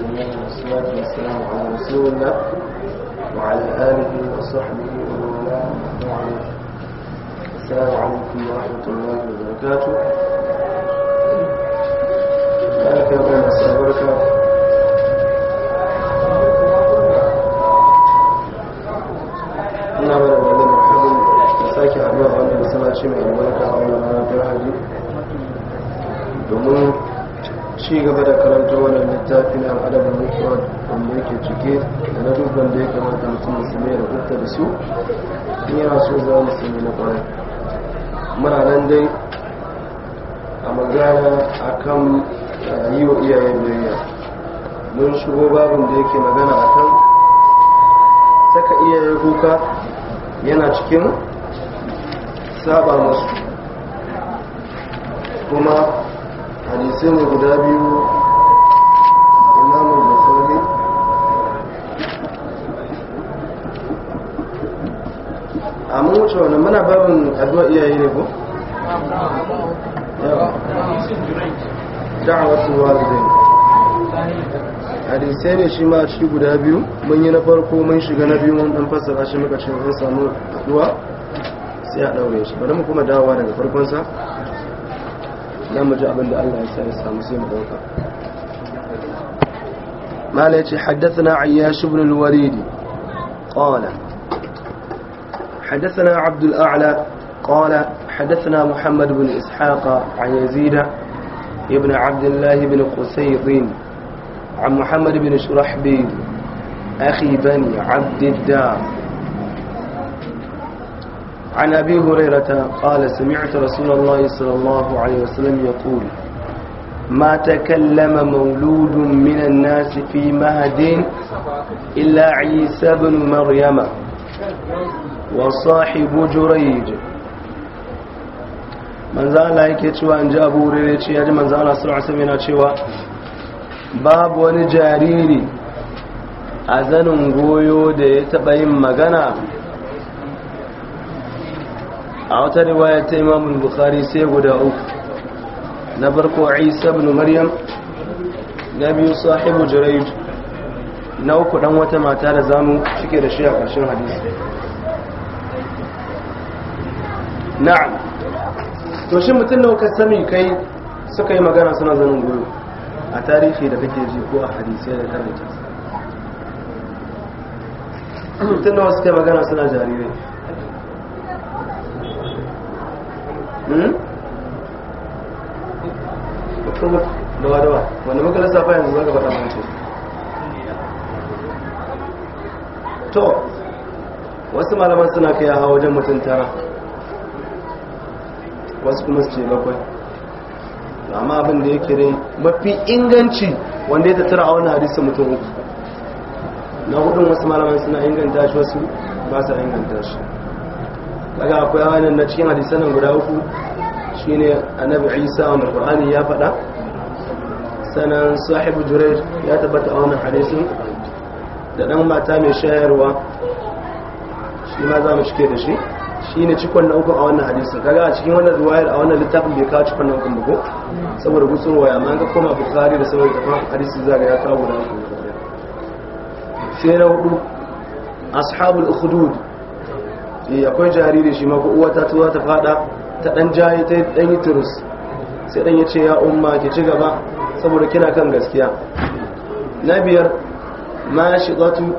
الله والصلاة والسلام على رسول الله وعلى آله وصحبه ومن والاه السلام عليكم ورحمة الله وبركاته بارك الله مساء بركة نعم أنا بعد مرحبا ساكي عبد الله بسمع شمع البركة أولا في هذه ci gaba da karanta wannan littafi na al'adabin mufrad wanda yake cike da na dubban da ya kamata mutum musulmi da gutta da su in yana so za mu sami na kwarai muna nan dai a magana akan eh, yi wa iyayen biyayya mun shigo babin da yake magana akan saka iyayen kuka yana cikin saba musu kuma tafsirin guda biyu imamun basari a mun wuce wani muna babin addu'a iyaye ne ko? da'awatu walidain hadisai ne shi ma a ciki guda biyu mun yi na farko mun shiga na biyu mun dan fassara shi muka ce mun samu addu'a sai a daure shi bari mu kuma dawa daga farkon sa za mu ji abin da Allah ya sa ya samu sai بن dauka قال حدثنا عبد الأعلى قال حدثنا محمد بن إسحاق عن يزيد ابن عبد الله بن قسيط عن محمد بن شرحبيل أخي بني عبد الدار عن أبي هريرة قال سمعت رسول الله صلى الله عليه وسلم يقول ما تكلم مولود من الناس في مهد إلا عيسى بن مريم وصاحب جريج من زال yake cewa in ji abu rere ce ya ji manzo Allah sallallahu alaihi yana cewa babu wani jariri a zanin goyo da ya taba yin magana a wata riwaya ta imamun bukhari sai guda uku na farko isa bin maryam na biyu sahibu jirayd na uku dan wata mata da zamu cike da shi a ƙarshen hadisi na'am to shi mutum nauka sami kai suka yi magana suna zanen goyo a tarihi da kake ji ko a hadisai da karanta mutum nawa suka yi magana suna jarirai Hmm? wanda muka yanzu to wasu malaman suna kai hawa wajen mutum tara wasu kuma su ce bakwai amma abin da ya ne mafi inganci wanda ya tattara a wani hadisun mutum uku na hudun wasu malaman suna inganta shi wasu ba sa inganta shi daga akwai hannun na cikin hadisan guda uku shi ne annabi isa wanda ƙur'ani ya faɗa sanan sahibu jurej ya tabbata a wannan hadisin da ɗan mata mai shayarwa shi ma za mu shike da shi shi ne cikon na uku a wannan hadisin kaga a cikin wannan ruwayar a wannan littafin bai kawo cikon na uku ba ko saboda gusun waya amma ga koma bukari da saboda kafin hadisi za ga ya kawo guda uku sai na hudu ashabul ukhdud Eh, akwai jariri shi ma ko uwa ta tuwa ta fada ta dan jaye ta dan yi turus sai dan ya ce ya umma ki ci gaba saboda kina kan gaskiya na biyar ma shi shidatu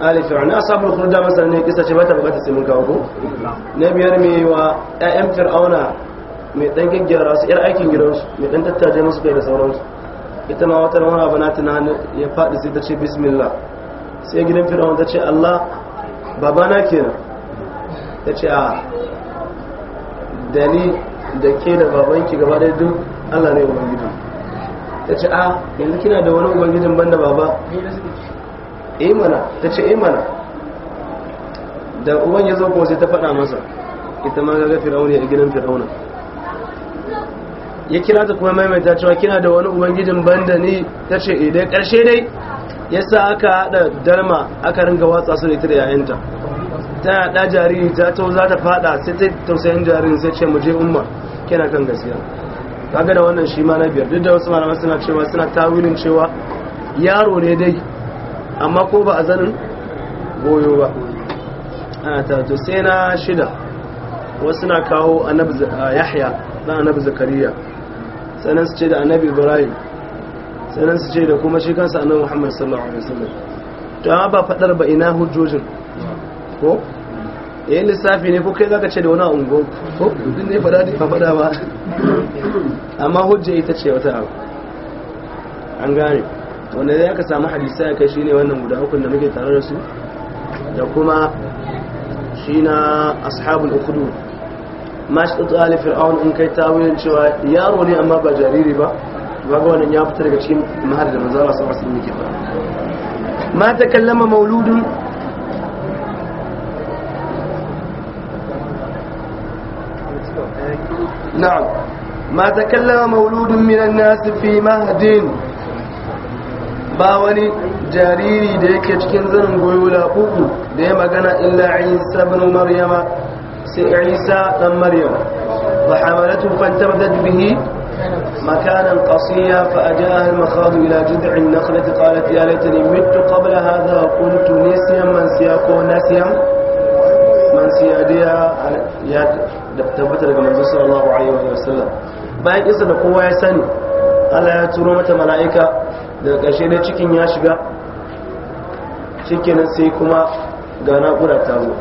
ali na asabul khurda masal ne kisa ce bata bukata sai mun kawo ko na biyar yi wa ɗayan fir'auna mai dan gaggyara su yar aikin gidansu mai dan tattaje musu kai da sauransu ita ma wata wani abu na tunanin ya faɗi sai ta ce bismillah sai gidan fir'auna ta ce allah babana kenan ta ce a da ni da ke da babanki gaba da duk allah ne ubangiji ta ce a yanzu kina da wani ubangijin banda baba imana eh ta ce imana eh da uban ya zo kuma sai ta faɗa masa ita ma ga firauni a gidan firauna ya kira ta kuma maimaita cewa kina da wani ubangijin banda ni ta ce idan eh, ƙarshe dai ya sa aka haɗa darma aka ringa watsa su da ita da yayanta ta da jariri ta to za ta fada sai ta tausayin jaririn sai ce mu je umma kina kan gaskiya kaga da wannan shi ma na biyar duk da wasu malaman suna cewa suna tawilin cewa yaro ne dai amma ko ba a zanin goyo ba ana ta to sai na shida wasu na kawo annabi yahya na annabi zakariya sannan su ce da annabi ibrahim sannan su ce da kuma shi kansa annabi muhammad sallallahu alaihi wasallam to amma ba fadar ba ina hujjojin ko yayin eh, lissafi ne ko kai zaka ce da wani ungo ko duk ne fada ba fada ba amma hujja ita ce wata abu an gane wanda zai aka samu hadisa kai shine wannan guda uku da muke tare da su da kuma shi na ashabul ukhdud mashi tsali fir'aun in kai ta wuyan cewa yaro ne amma ba jariri ba ba ga wannan ya fita daga cikin mahar da manzo Allah sallallahu alaihi wasallam yake fara ma takallama mauludun ما تكلم مولود من الناس في مهد باوني جاريري ديك da yake قيولا قوكو goyo laƙuƙu إلا عيسى بن مريم isa bin maryama sai isa ɗan maryam مكانا قصيا فأجاءها المخاض إلى جذع النخلة قالت يا ليتني مت قبل هذا وكنت نسيا من سياكو نسيا من ديا يا دبتبت لك صلى الله عليه وسلم bayan isa da kowa ya sani allah ya turo mata mala'ika daga ƙarshe da cikin ya shiga cikin sai kuma ga naƙurar ta zo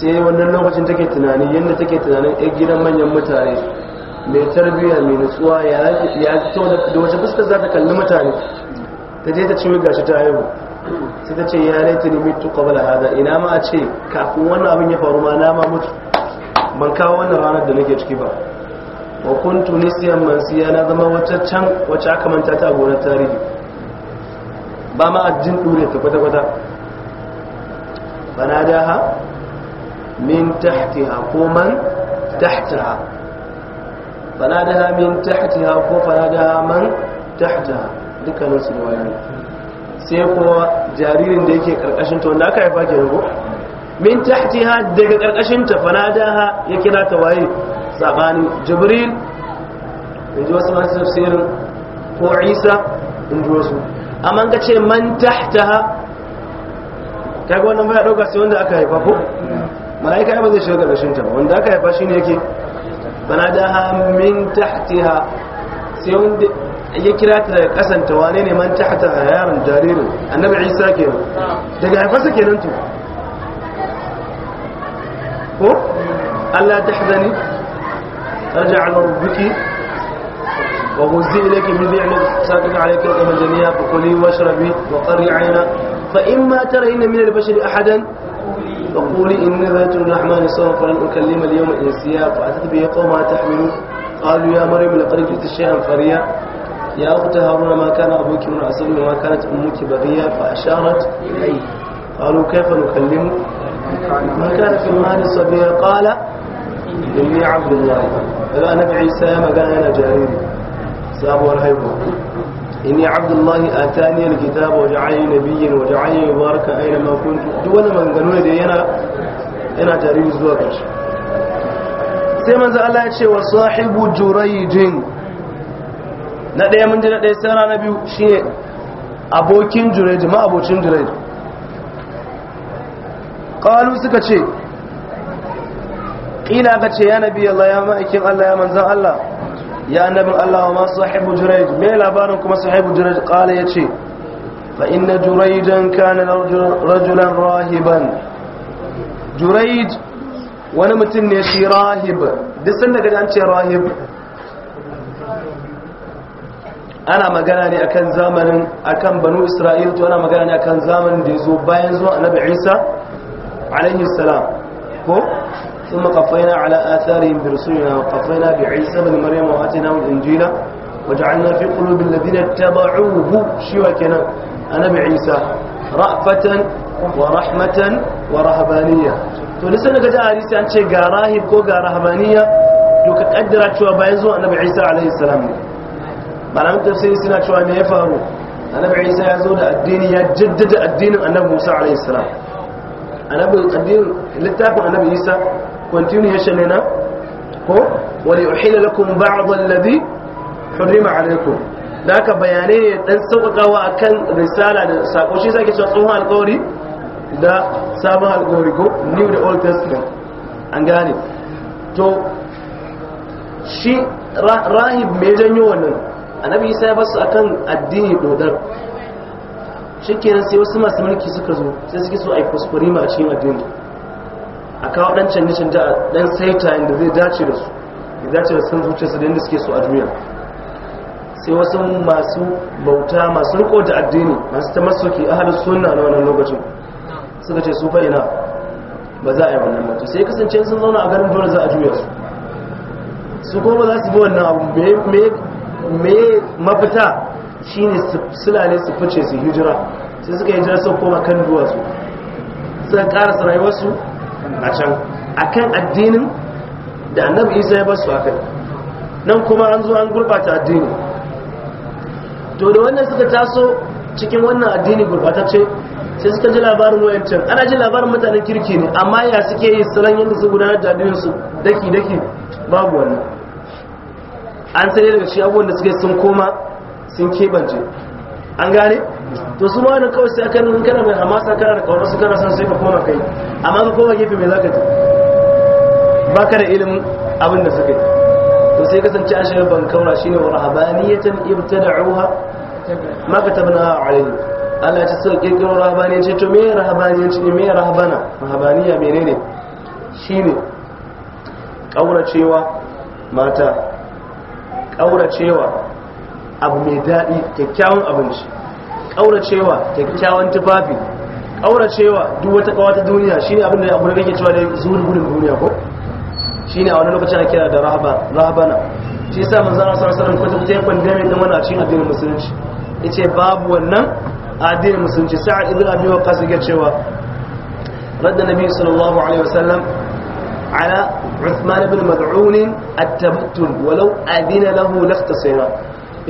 sai wannan lokacin take tunani yadda take tunanin ya gidan manyan mutane mai tarbiyya mai nutsuwa ya fito da wace fuskar za ta kalli mutane ta je ta ciwo gashi ta haihu sai ta ce ya ne mitu hada ina ma a ce kafin wannan abin ya faru ma na ma mutu ban kawo wannan ranar da nake ciki ba wa kun tunisiya mansiya na zama wata can wacce aka manta ta gonar tarihi ba ma ajin dure ta kwata-kwata bana daha min ha ko man ha bana daha min ha ko fana daha man ha dukkanin sinuwa ne sai kuma jaririn da yake karkashin ta wanda aka haifa ke rubu min tahtiha daga karkashin ta fanadaha ya kira ta waye sabanin jibril in ji wasu masu tafsirin ko isa in ji wasu amma ka ce man tahtaha kaga wannan baya dauka sai wanda aka haifa ko malaika ya ba zai shiga karkashin ta ba wanda aka haifa shine yake fanadaha min tahtiha sai wanda ya kira ta daga kasanta wane ne man tahtaha yaron jaririn annabi isa kenan daga haifarsa kenan to ألا تحزني رجع لربك وغزي إليك من ذي ساقك عليك الأمة الجميع فقولي واشربي وقري عينا فإما ترين من البشر أحدا فقولي إن ذات الرحمن سوف فلن أكلم اليوم إنسيا فأتت به قوما تحمل قالوا يا مريم لقد جئت شيئا فريا يا أخت هارون ما كان أبوك من وما كانت أمك بغية فأشارت إليه قالوا كيف نكلمه من كان في المال الصبي قال إني عبد الله إذا أنا بعيسى ما قال أنا جاريري سأبو هيبو إني عبد الله آتاني الكتاب وجعلني نبيا وجعلني مباركا أينما كنت دون من قانون دي أنا أنا جاريري زوجك sai manzo Allah ya ce wa sahibu jurayjin na ɗaya mun ji na ɗaya sai na biyu shine abokin jurayj ma abokin jurayj ƙalu suka ce Ƙila ka ce ya nabi Allah ya ma'aikin Allah ya manzan Allah ya annabin Allah wa masu sahibu jurayj me labarin kuma sahibu ƙala ya ce. fa inna kane na rajulan rahiban Jiraij wani mutum ne shi rahib duk sun daga an ce rahib ana magana ne akan zamanin akan banu isra'il to ana magana ne akan zamanin da ya zo bayan zuwa annabi isa عليه السلام ثم قفينا على آثارهم برسولنا وقفينا بعيسى بن مريم وآتيناه الإنجيل وجعلنا في قلوب الذين اتبعوه شوى أنا بعيسى رأفة ورحمة ورهبانية تولسنا قد أريسي أن شيء قاراهب كو قارهبانية دوك قدرت شوى بايزو أنا بعيسى عليه السلام malamin tafsiri تفسير سنة شوى ya faru annabi isa ya zo da addini ya jaddada addinin annabi addinin littafin annabi isa continuation ne na ko wani uhila lakum ba'd alladhi hurrima alaykum da aka bayane ne dan sauƙaƙawa akan risala da sako shi sake cewa tsohon alƙawari da sabon alƙawari ko new da old testament an gane to shi rahib mai janyo wannan annabi isa ya basu akan addini dodar shikenan sai wasu masu mulki suka zo sai suke so a yi ma a cikin addini a kawo dan canje canje a dan saita inda zai dace da su ya dace da sun zuciya su da inda suke so a duniya sai wasu masu bauta masu riko da addini masu ta ke ahalin suna na wannan lokacin suka ce su fa ina ba za a yi wannan mutu sai kasance sun zauna a garin dole za a juya su su kuma za su bi wannan abu me mafita shi ne sulale su fice su hijira sai suka yi sun koma kan duwatsu suka karasa rayuwarsu a can a kan addinin da annabi isa ya basu a nan kuma an zo an gurbata addini to da wannan suka taso cikin wannan addini gurbatacce sai suka ji labarin wayancan ana ji labarin mutanen kirki ne amma ya suke yi salon yadda su gudanar da addininsu daki-daki babu wannan an sai daga shi abubuwan da suke sun koma sun kebance an gane to su ma wani kawai sai aka nuna kana mai hamasa kana da kawai su kana son sai ka koma kai amma ka koma gefe mai zaka ji ba ka da ilimin abin da suka yi to sai kasance a shirin ban kaura shine wa rahabaniyatan ibtada'uha ma katabna alayhi Allah ya ce so kirkiro rahabaniyanci to me rahabaniyanci ne me rahabana rahabaniya menene shine ƙauracewa mata ƙauracewa. abu mai daɗi kyakkyawan abinci ƙauracewa kyakkyawan tufafi ƙauracewa duk wata ƙawa ta duniya shine abin da abu da kake cewa da zuwa gudun duniya ko Shi ne a wani lokacin ana kira da rahabana shi sa manzo zara sallallahu alaihi wasallam ko ta kwandame mana wannan a cikin addinin musulunci yace babu wannan addinin musulunci sa'ad ibn abi waqqas yake cewa radda nabi sallallahu alaihi wasallam على عثمان بن walau التبتل ولو أذن له لاختصيرا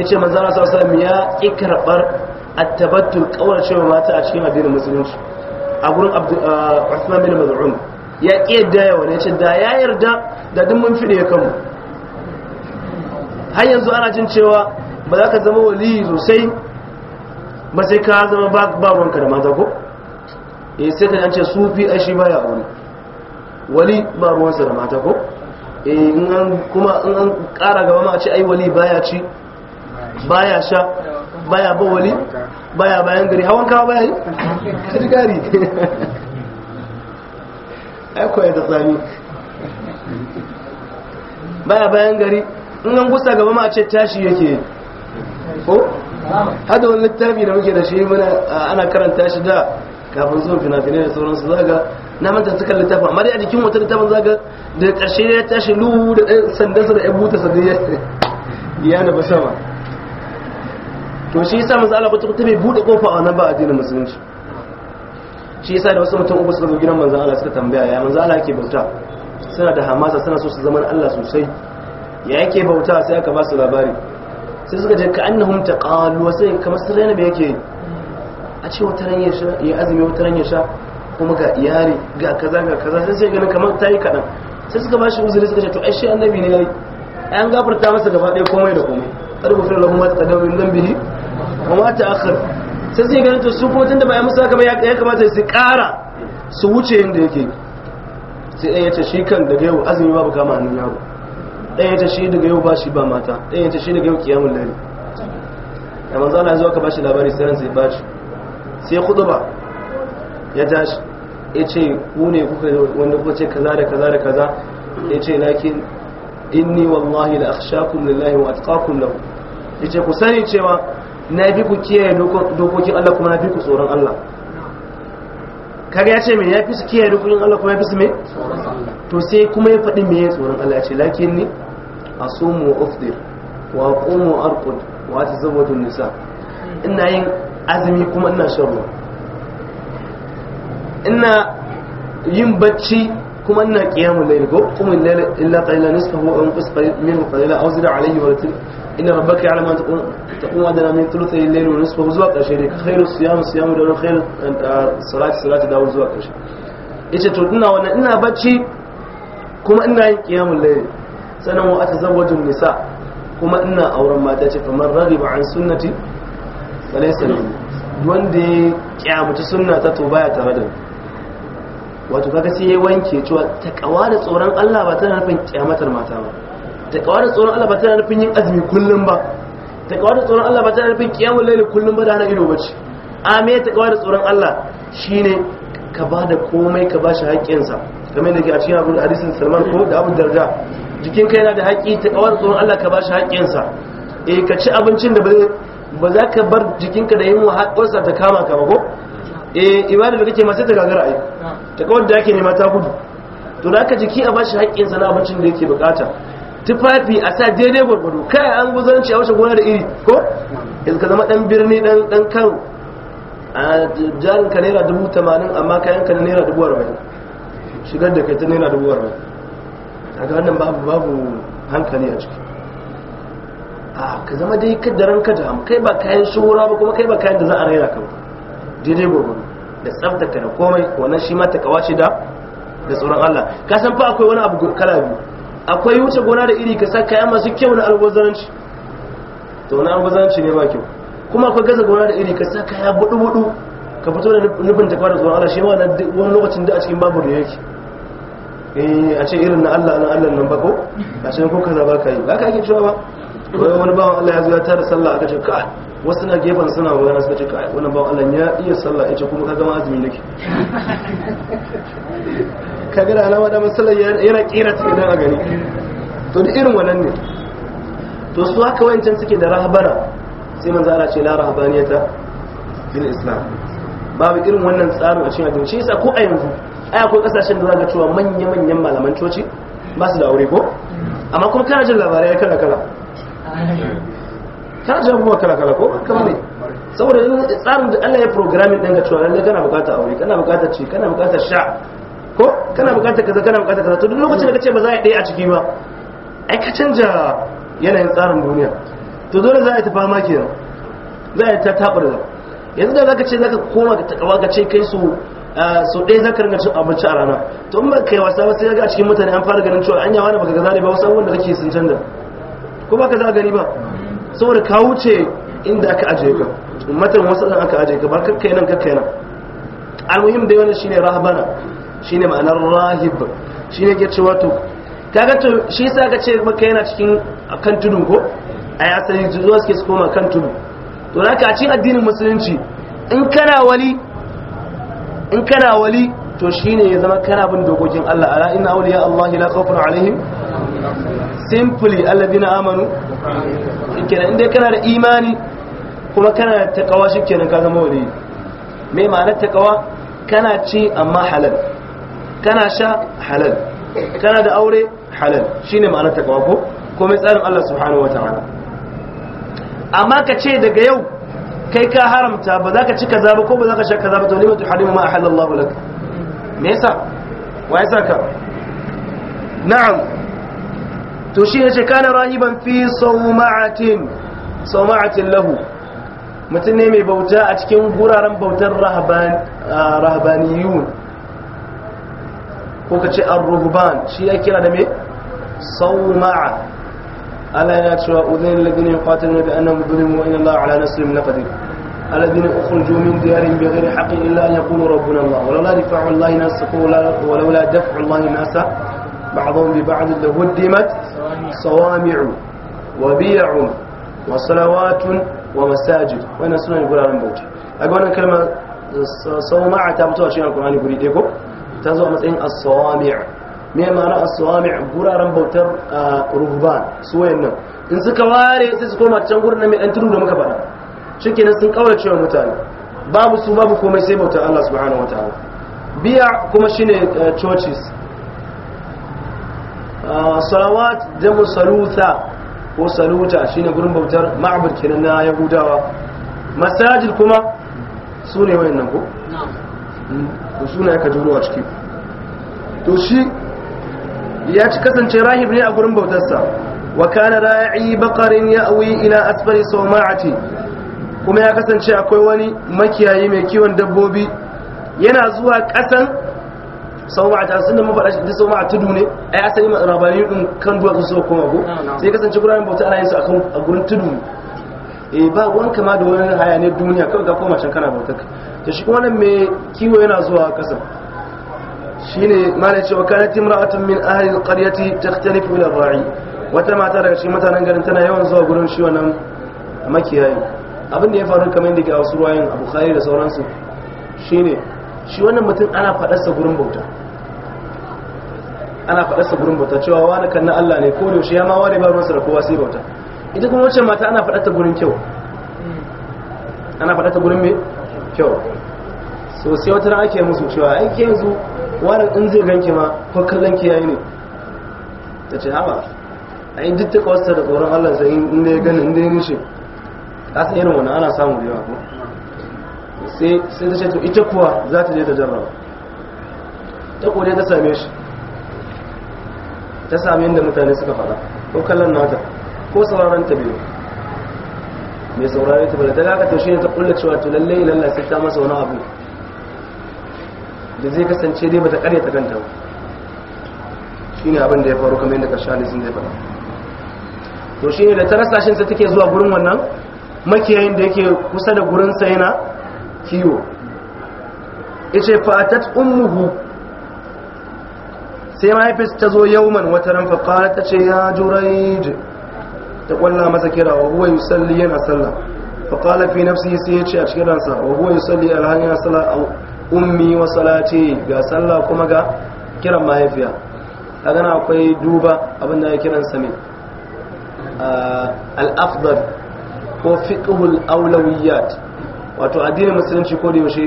ce manzo Allah sallallahu alaihi ya ikrabar a tabbatun qawl cewa mata a cikin addinin musulunci a gurin Uthman bin Maz'un ya yadda yawa ne ce da ya yarda da duk mun fide kanmu har yanzu ana cin cewa ba za ka zama wali sosai ba sai ka zama ba ruwanka da mata ko yi eh, sai ka ce sufi ashi baya wani wali ba ruwansa da mata ko eh, in an kuma in an kara gaba ma a ce ai wali baya ci baya sha baya bawali baya bayan gari hawan kawo baya yi shirgari aiko ya da tsami baya bayan gari in an gusa gaba ma ce tashi yake ko hada wani littafi da muke da shi ana karanta shi da kafin zuwa fina-finai da sauransu zaga na manta suka littafa amma dai a jikin wata littafin zaga da ƙarshe ya tashi lu da sandansa da ya buta sandan ya yana ba sama to shi yasa manzo Allah kwata bai bude kofa wannan ba addinin musulunci shi yasa da wasu mutum uku suka zo gidan manzo Allah suka tambaya ya manzo Allah yake bauta suna da hamasa suna so su zama Allah sosai ya yake bauta sai aka ba su labari sai suka je ka annahum taqalu sai kamar sun ne me yake a ce wata ran ya sha ya azumi wata ran ya sha kuma ga iyali ga kaza ga kaza sai sai ganin kamar tayi kadan sai suka bashi uzuri suka ce to ai shi annabi ne yayi an gafarta masa gaba ɗaya komai da komai kar fil lahum ma taqaddamu min dhanbihi wa ta akhar sai sai ganin to su ko tunda ba ya musu haka ba ya kamata su kara su wuce yadda yake sai ɗaya ta shi kan daga yau azumi babu kama hannun yaro ɗaya ta shi daga yau ba shi ba mata ɗaya ta shi daga yau kiyamul lari da manzo Allah ya zo ka bashi labari sai sai ba shi sai khutba ya tashi ya ce ku ne kuka wanda kuka ce kaza da kaza da kaza ya ce lakin inni wallahi la akhshakum lillahi wa atqakum lahu yace ku sani cewa na bi ku kiyaye dokokin Allah kuma na bi ku tsoron Allah ya ce mai ya fi su kiyaye dokokin Allah kuma ya fi su mai to sai kuma ya faɗi mai tsoron Allah ya ce lakin ni a somo ofdir wa komo arkud wa ta zabatun nisa ina yin azumi kuma ina shan ruwa ina yin bacci kuma ina kiyamun laili ko kuma illa qalilan nisfahu aw qis minhu qalila aw zid alayhi wa inna ربك يعلم an تقوم adana min من al الليل ونصفه nisfahu zuwa karshe ne khairu دون خير da khairu salati salati da zuwa karshe yace to ina wannan ina bacci kuma ina yin qiyamul layli sanan wa nisa kuma ina auren mata ce kamar rariba an sunnati falaysa wanda ya kyamuci sunna ta to ya tare da wato kaga sai ya wanke cewa kawa da tsoron Allah ba tana nufin kyamatar mata ba ta kawar da tsoron Allah ba tana nufin yin azumi kullum ba ta kawar da tsoron Allah ba tana nufin kiyamun laili kullum ba da hana ido bace ame ta kawar da tsoron Allah shine ka ba da komai ka ba shi haƙƙinsa kamar da ke a cikin abu da hadisin salman ko da abu darda jikin kai yana da haƙƙi ta kawar da tsoron Allah ka ba shi haƙƙinsa eh ka ci abincin da ba za ka bar jikinka da yin wahalarsa ta kama ka ba ko eh ibada da kake masa sai ta gagara ai ta kawar da yake nema ta gudu to da ka jiki a ba shi haƙƙinsa na abincin da yake bukata tufafi a sa daidai gwargwado kai an guzanci a wasu gona da iri ko yanzu ka zama dan birni dan dan kano a jarin ka naira dubu tamanin amma kayan ka naira dubu arba'in shigar da kai ta naira dubu arba'in a ga wannan babu babu hankali a ciki a ka zama dai kaddaran ka da. kai ba kayan shura ba kuma kai ba kayan da za a raira ka ba daidai gwargwado da tsabtaka da komai wannan shi ma ta kawace da da tsoron Allah ka san fa akwai wani abu kala biyu akwai wuce gona da iri ka sa kaya masu kyau na alwazanci to na alwazanci ne ba kyau kuma akwai gaza gona da iri ka sa kaya budu-budu ka fito da nufin ta da tsoron Allah shi ma wani lokacin da a cikin babu da yake eh, a ce irin na Allah na Allah nan bako a cikin ko kaza ba ka yi ba ka ake cewa ba wani bawan Allah ya zuwa tara sallah aka ce ka wasu na gefen suna magana suka ce kai wannan bawan Allah ya iya sallah ce kuma ka gama azumi nake ka ga alama da masallar yana kira ta idan a gani to da irin wannan ne to su haka wancan suke da rahabara sai manzo Allah ce la rahabaniyata fil islam babu irin wannan tsarin a cikin addini shi yasa ko a yanzu ai akwai kasashen da zaka cewa manya-manyan malaman coci ba su da aure ko amma kuma kana jin labarai kala kala ta ji abubuwa kala-kala ko ba kama ne saboda tsarin da allah ya programming ɗin ga cewa lalle kana bukatar aure kana bukatar ci kana bukatar sha ko kana bukatar kaza kana bukatar kaza to duk lokacin da kace ba za a ɗaya a ciki ba ai ka canja yanayin tsarin duniya to dole za a yi ta fama kenan za a yi ta taɓar da yanzu da ka ce ka koma ka takawa ka ce kai su sau ɗaya ka ringa cin abinci a rana to in ba kai wasa ba sai ga a cikin mutane an fara ganin cewa anya ne baka gaza ne ba wasu abubuwan da kake sun canza ko ba ka za gani ba saboda ka wuce inda aka ajiye ka ummatan wasu dan aka ajiye ka ba kakkai nan kakkai nan almuhim dai wannan shine rahbana shine ma'anar rahib shine ke cewa to kaga to shi yasa ka ce maka yana cikin akan tudu ko ai asali zuwa suke su koma kan tudu to zaka a cikin addinin musulunci in kana wali in kana wali to shine ya zama kana bin dokokin Allah ala inna awliya Allah la khawfun alaihim simply alladina amanu kenan inda kana da imani kuma kana da takawa shikenan ka zama wani me ma'anar takawa kana ci amma halal kana sha halal kana da aure halal shine ma'anar takawa ko kuma tsarin Allah subhanahu wataala amma ka ce daga yau kai ka haramta ba za ka ci kaza ba ko ba za ka sha kaza ba to mutu harimu ma ahallallahu lak me yasa wa yasa ka na'am to shi ne ce kana rahiban fi sauma'atin sauma'atin lahu mutum ne mai bauta a cikin guraren bautar rahabaniyun ko ka ce an ruhban shi ya kira da mai sauma'a Allah yana cewa udhina alladhina yuqatiluna bi annahum zulimu wa inna Allaha ala nasrihim aladin alladhina ukhrijoo diyarin diyarihim bighayri haqqin illa an yaqulu rabbuna Allah walawla dafa'u Allahi an-nasa walawla daf'u Allahi an-nasa ba'dhum bi ba'd lawaddimat صوامع wa وصلوات wa salawatun wa masajid بوتي suna ne guraren bauta a ga wannan kalmar sawma'a ta fito a cikin guri ɗaya ko a matsayin me guraren bautar su in suka ware sai su koma can gurin nan mai dan tudu da muka faɗa shikenan sun kaurace wa mutane babu su babu komai sai bautar Allah subhanahu wataala biya kuma shine eh, churches salawat jamu saluta ko saluta shine gurin bautar ma'abud kenan na yahudawa masajid kuma su ne wayan nan ko to suna ya kajuru a ciki to shi ya ci kasance rahib ne a gurin bautarsa wa kana ra'i baqarin ya'wi ila asfari sawma'ati kuma ya kasance akwai wani makiyayi mai kiwon dabbobi yana zuwa kasan sau ma a jihar sunan mafaɗa shi ta sau ma a tudu ne a ya sani rabani ɗin kan duwa su kuma ko sai kasance guraren bauta ana yin su a gurin tudu ne eh, ba wani kama da wani hayaniyar duniya kawai ga koma can kana bautaka ta shi kuma mai kiwo yana zuwa ƙasa ne malai cewa kanat imra'atun min ta ta takhtalifu ila ra'i wata mata daga cikin mutanen garin tana yawan zuwa gurin shi wannan makiyayi abin da ya faru kamar yadda ke a wasu ruwayin a bukhari da sauransu shine shi wannan mutum ana faɗarsa gurin bauta ana fadarsa gurin bauta cewa wani kan na Allah ne ko da yaushe ya ma ware ba ruwansa da kowa sai bauta ita kuma wacce mata ana faɗarta gurin kyau ana fadarta gurin me kyau so sai wata ran ake musu cewa ai ke yanzu wani in zai ganki ma ko kallon ki yayi ne ta ce haba ai duk ta kawarsa da tsoron Allah sai in gani inda in dai Ka kasan irin wannan ana samu da yawa ko sai ta ce to ita kuwa za ta je ta jarraba ta kore ta same shi ta same inda mutane suka faɗa ko kallon nata ko sauraron ta biyu mai saurare ta bala ta ga ta shi ne ta kulla cewa to lalle lalle sai ta masa wani abu da zai kasance dai bata kare ta kanta ba shine abin da ya faru kamar yadda karshen sun zai faɗa to shi ne da ta rasa shi sai take zuwa gurin wannan makiyayin da yake kusa da gurin sa yana kiwo ishe fatat ummuhu sai mahaifis ta zo yauman wata ran faƙara ta ce ya juraid ta kwalla masa kira wa huwa yusalli yana sallah faƙala fi nafsi sai ya ce a cikin ransa wa huwa yusalli alhani yana salla a ummi wa salati ga salla kuma ga kiran mahaifiya a gana akwai duba abin da ya kiran sami ah, al-afdal ko fiqhul awlawiyat wato addinin musulunci ko da yaushe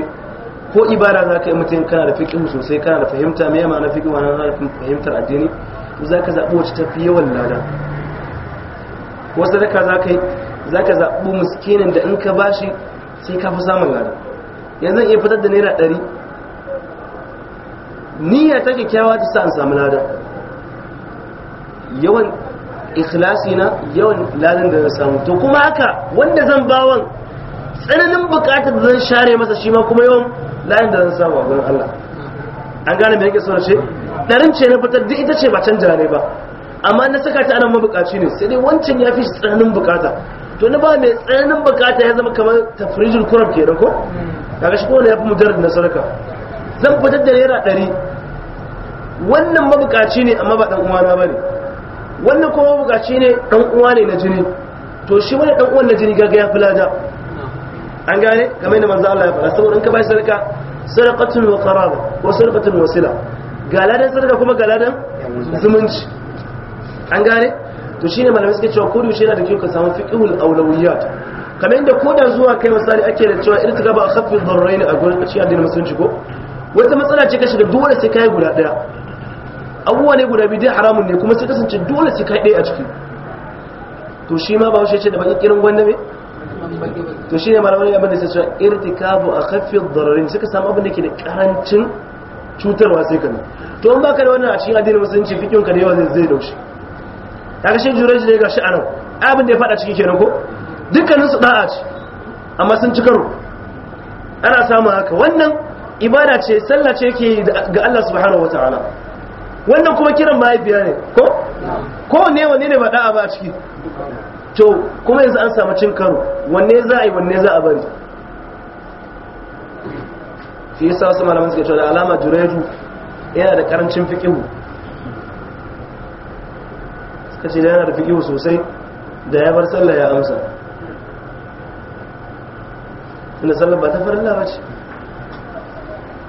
ko ibada za ka yi mutum kana da fiƙihu sosai kana da fahimta mai yamma na fiƙihu wani na fahimtar addini to za ka zaɓi wacce tafi yawan lada ko sadaka za ka yi za ka zaɓi muskinin da in ka ba shi sai ka fi samun lada yanzu iya fitar da naira ɗari niyya ta kyakkyawa ta sa in samu lada yawan ikhlasi na yawan ladan da na samu to kuma haka wanda zan bawan tsananin bukatar da zan share masa shi ma kuma yawan layin da zan samu a gurin Allah an gane mai yake sauna ce ɗarin ce na fitar duk ita ce ba can ne ba amma na saka ta anan mabukaci ne sai dai wancan ya fi tsananin bukata to ni ba mai tsananin bukata ya zama kamar tafrijul kurab da ko kaga shi kowane ya fi mujarrad na sarka zan fitar da naira ɗari wannan mabukaci ne amma ba ɗan uwana ba ne wannan kuma mabukaci ne ɗan uwa ne na jini to shi wani ɗan uwan na jini gaga ya fi lada an gane kamar yadda manzo Allah ya faɗa saboda in ka bai sarka sadaqatun wa qaraba wa sadaqatun wasila galadan sarka kuma galadan zumunci an gane to shine malamai suke cewa kudu shi yana da kyau ka samu fiqhul awlawiyat kamar yadda ko da zuwa kai misali ake da cewa irtika ba khaffi dharrain a gurin cikin addinin musulunci ko wata matsala ce ka shiga dole sai kai guda daya abubuwa ne guda biyu dai haramun ne kuma sai kasance dole sai kai daya a ciki to shi ma ba shi ce da bakin kirin gwanda ne to shi ne malamai abin da sai cewa irtikabu a kafin dararin suka samu abin da ke da karancin cutarwa sai kana to an baka da wannan a cikin addinin musulunci fikin ka da yawa zai daushi daga shi jureji ne a anan abin da ya fada cikin kenan ko dukkanin su da'a ce amma sun ci karo ana samun haka wannan ibada ce sallah ce yake ga Allah subhanahu wataala wannan kuma kiran mahaifiya ne ko ko ne wanne ne ba da'a ba a ciki to kuma yanzu an samu cin karo wanne za a yi wanne za a bari yi sa wasu malaman suke cewa da alama jureju yana da karancin fikihu suka ce da yana da fikihu sosai da ya bar sallah ya amsa inda sallah ba ta farilla lawa ce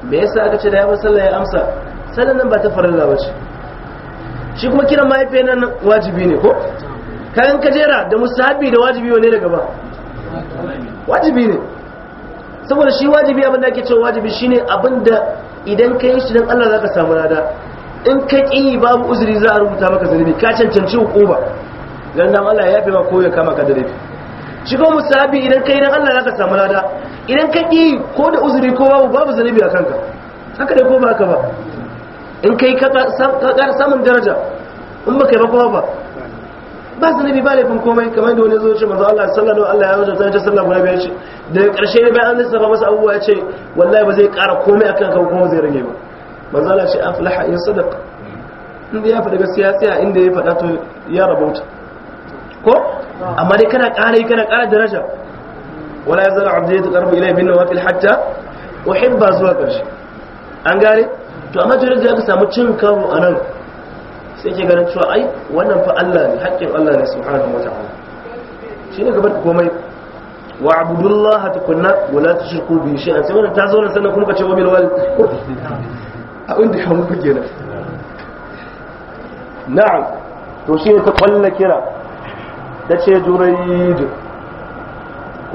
me yasa aka ce da ya bar sallah ya amsa sallah nan ba ta farilla lawa ce shi kuma kiran mahaifiyar nan wajibi ne ko kayan kajera da musahabi da wajibi wane daga ba wajibi ne saboda shi wajibi abin da ake cewa wajibi shine abin da idan ka yi shi don Allah za ka samu rada, in ka ƙi babu uzuri za a rubuta maka zunubi ka cancanci hukuma don nan Allah ya yafe ma ko ya kama ka da laifi shi ko musabi idan yi don Allah za ka samu rada, idan ka ƙi ko da uzuri ko babu babu zunubi a kanka haka dai ko ba haka ba in yi ka samun daraja in ba kai ba ba ba nabi ba laifin komai kamar yadda wani zo ce manzo Allah sallallahu Allah ya wajen ta sallallahu guda biyar ce daga karshe ne bayan an lissafa masa abubuwa ya ce wallahi ba zai ƙara komai akan kan kuma zai rage ba mazu Allah ce fulaha in sadaq inda ya faɗa gaskiya tsaya inda ya faɗa to ya rabauta ko amma dai kana ƙara yi kana ƙara daraja wala bin nawafil hatta zuwa an gare to amma da samu cin karo nan sai ke ganin cewa ai wannan fa Allah ne haƙƙin Allah ne subhanahu wata'ala shine gaba da komai wa abudullaha tukunna wa la tushriku bihi shay'an sai wannan ta zo nan sannan kuma ka ce wa bil wal abin da ya muku kenan na'am to shine ta kwalla kira ta ce jurayid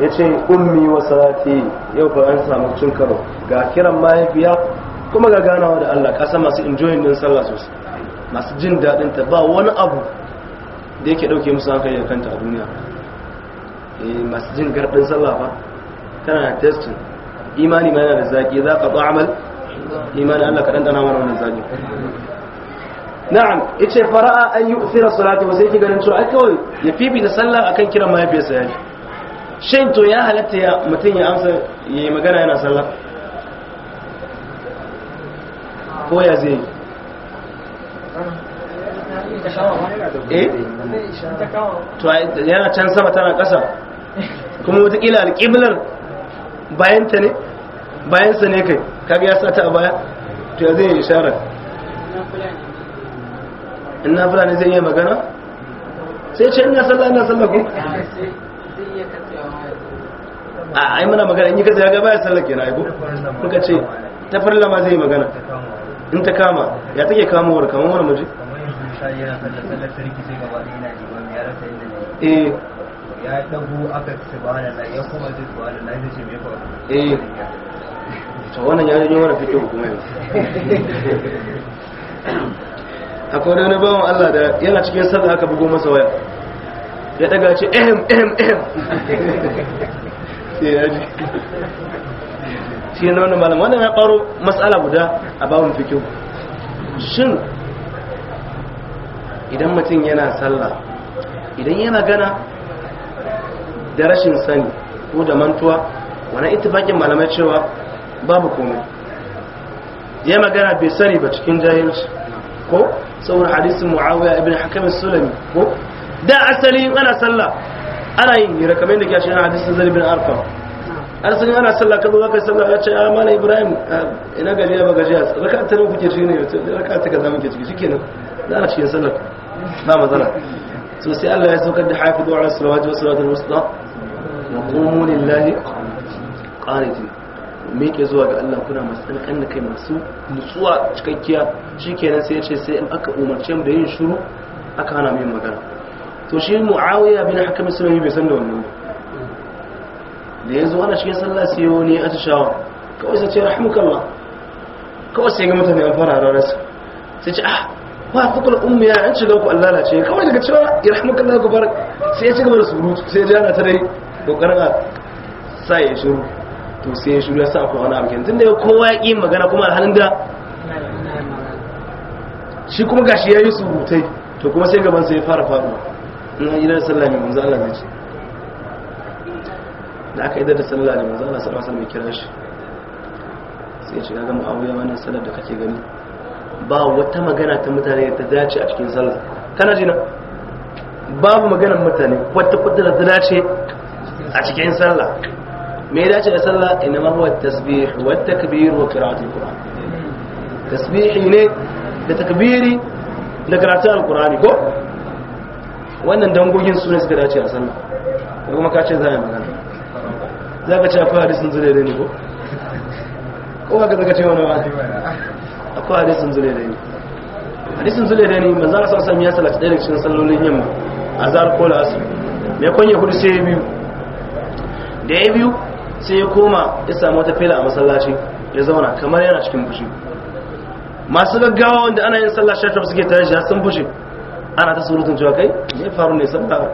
ya ce ummi wa salati yau fa an samu cin karo ga kiran mahaifiya kuma ga ganawa da Allah kasa masu enjoying din sallah sosai masu jin daɗin ta ba wani abu da yake ɗauke musu hankali da kanta a duniya eh, masu jin garɗin sallah ba tana na testin imani ma da zaƙi za ka zo amal imani allah ka ɗanɗana mana wani zaƙi na'am ice fara'a an yi ufira salati ba sai ki ganin cewa ai kawai ya fifi da sallah akan kiran mahaifiyarsa ya yaji shan to ya halatta ya mutum ya amsa ya yi magana yana sallah ko ya zai yi Eh? yana can sama tana ƙasa kuma watakila alƙiblar bayanta ne bayansa ne kai kaga ya sata a baya to ya zai yi ishara Ina na ne zai yi magana sai ce ina sallah ina sallah ku a ai mana magana in yi kasa ya ga baya sallah na aiko muka ce ta farla ma zai yi magana in ta kama ya take kamowar kamowar muje yana sarki sai ya inda eh. wannan ya janyo mana fito kuma yau akwai wani bawan Allah da yana cikin da aka bugo masa waya ya daga ce ehem ehem ehem sai ya ji shi ne wannan malam wannan ya karo matsala guda a bawan fito. shin idan mutum yana sallah idan yana gana da rashin sani ko da mantuwa wani itifakin malamai cewa babu komai ya magana bai sani ba cikin jahilci ko tsawon hadisun muawiya ibn hakim sulami ko da asali ana sallah ana yin yi kamar yadda kyashi na hadisun zalibin arfa asali ana sallah ka zo zaka sallah ya ce a ah, mana ibrahim ah, ina gajiya ba gajiya raka ta kuke shi ne raka ta kaza muke ciki shikenan za a cikin salat ba matsala so sai Allah ya saukar da hafizu ala salawati wa salatul wusta wa qumu lillahi qanitin meke zuwa ga Allah kuna masu tsankan da kai masu nutsuwa cikakkiya shikenan sai ya ce sai in aka umarce mu da yin shiru aka hana mu yin magana to shi muawiya bin hakim sulaiman bai san da wannan da yanzu ana cikin sallah sai ya wani atishawa kawai sai ce rahmukallah kawai sai ga mutane an fara rararsa sai ce ah ba umu ummiya yanci da ku Allah lalace kawai daga cewa yarhamukallahu gubar sai ya ci gaba da surutu sai ya jana ta dai kokarin a sa ya shiru to sai ya shiru ya sa ku wani abu tunda ya kowa ya ƙi magana kuma alhalin da shi kuma gashi ya yi surutai to kuma sai gaban sai ya fara faɗo in an da sallah mai manzo Allah zai da aka idar da sallah da manzo Allah sallallahu alaihi wasallam ya kira shi sai ya shiga ga ya wannan sallar da kake gani ba wata magana ta mutane da ta dace a cikin sallah kana jina babu maganar mutane wata kudura da ta dace a cikin sallah me ya dace da sallah ina ma huwa tasbih wa takbir wa qira'at al-qur'an tasbihi ne da takbiri da karatun al-qur'ani ko wannan dangogin sunan suka dace a sallah kuma ka ce za a magana za ka ce akwai hadisin zure da ne ko ko ka ka ce wani ba akwai hadisin zule da ni hadisin zule da ni manzan sa sami ya salata ɗaya daga cikin sallolin yamma a zar ko lasu mai kwanye hudu sai ya biyu da ya biyu sai ya koma ya samu wata fela a masallaci ya zauna kamar yana cikin fushi masu gaggawa wanda ana yin sallah shatar suke tare shi sun fushi ana ta surutun cewa kai ne faru ne sallah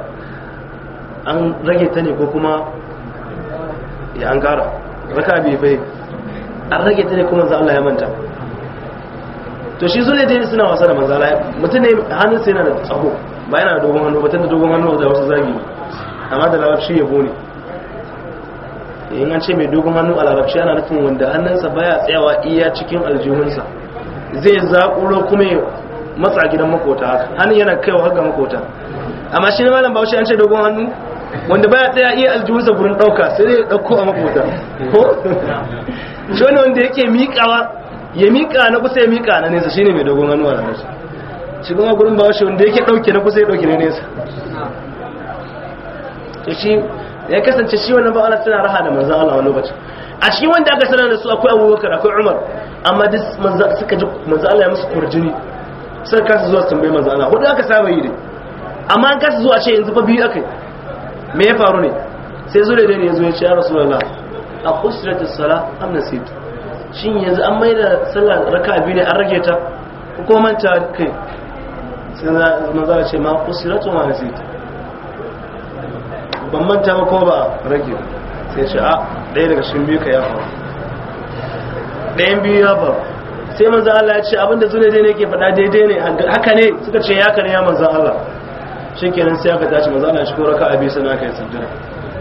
an rage ta ne ko kuma ya an kara raka bai bai an rage ta ne kuma za Allah ya manta to shi zule dai suna wasa da manzala mutum ne hannun sai yana da tsaho ba yana da dogon hannu ba tunda dogon hannu da wasu zagi amma da larabci ya ne in an ce mai dogon hannu a larabci ana nufin wanda hannunsa baya tsayawa iya cikin aljihunsa zai zakulo kuma matsa gidan makota haka hannun yana kaiwa haka makota amma shi ne malam bahaushe an ce dogon hannu wanda baya tsaya iya aljihunsa gurin ɗauka sai dai ɗauko a makota ko shi wani wanda yake miƙawa ya miƙa na kusa ya miƙa na nesa shine mai dogon hannuwa na nesa shi kuma gurin ba shi wanda yake ɗauke na kusa ya ɗauke na nesa to shi ya kasance shi wannan ba Allah tana raha da manzon Allah wani lokaci a cikin wanda aka sanar da su akwai Abubakar akwai Umar amma duk manzon suka ji manzon Allah ya musu kurjini sai kasa zuwa tambayi manzon Allah hudu aka saba yi ne amma an kasa zuwa ce yanzu fa biyu akai me ya faru ne sai zure da ne yanzu ya ce ya rasulullah a kusurata sala am nasitu shin yanzu an mai da sallar raka biyu ne an rage ta ko manta kai sai a ce ma kusiratu ma nasi ban manta ba ko ba rage sai ce a ah, ɗaya daga shi biyu ka ya faru ɗayan biyu ya faru sai manzo Allah ya ce abinda zune dai ne ke faɗa daidai ne haka ne suka ce ya kare ya manzo Allah shikenan sai aka tashi manzo Allah ya shigo a biyu sana kai sujjada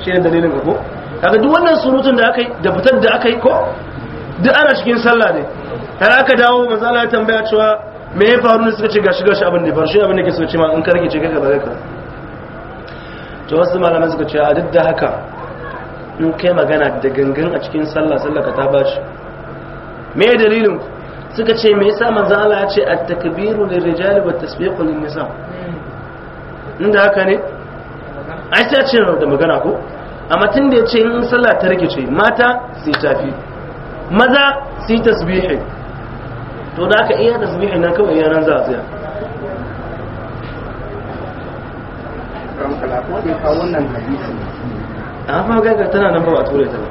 shi ne dalilin ka ko kaga duk wannan surutun da aka yi da fitar da aka yi ko duk ana cikin sallah ne har aka dawo manzo Allah ya tambaya cewa me ya faru ne suka ce gashi gashi abin da ya faru shi abin da ke so ce ma in ka rage ce kaga zaka to wasu malaman suka ce a duk da haka in kai magana da gangan a cikin sallah sallah ka ta bashi me dalilin suka ce me yasa manzo Allah ya ce at-takbiru lirijali wa tasbiqu lin-nisa inda haka ne a sai ce da magana ko amma tun da ya ce in sallah ta rike ce mata sai tafi maza su yi tasbihi to da aka iya tasbihi na kawai yaran za a tsaya a fa gaggar tana nan bawa a tura ta ba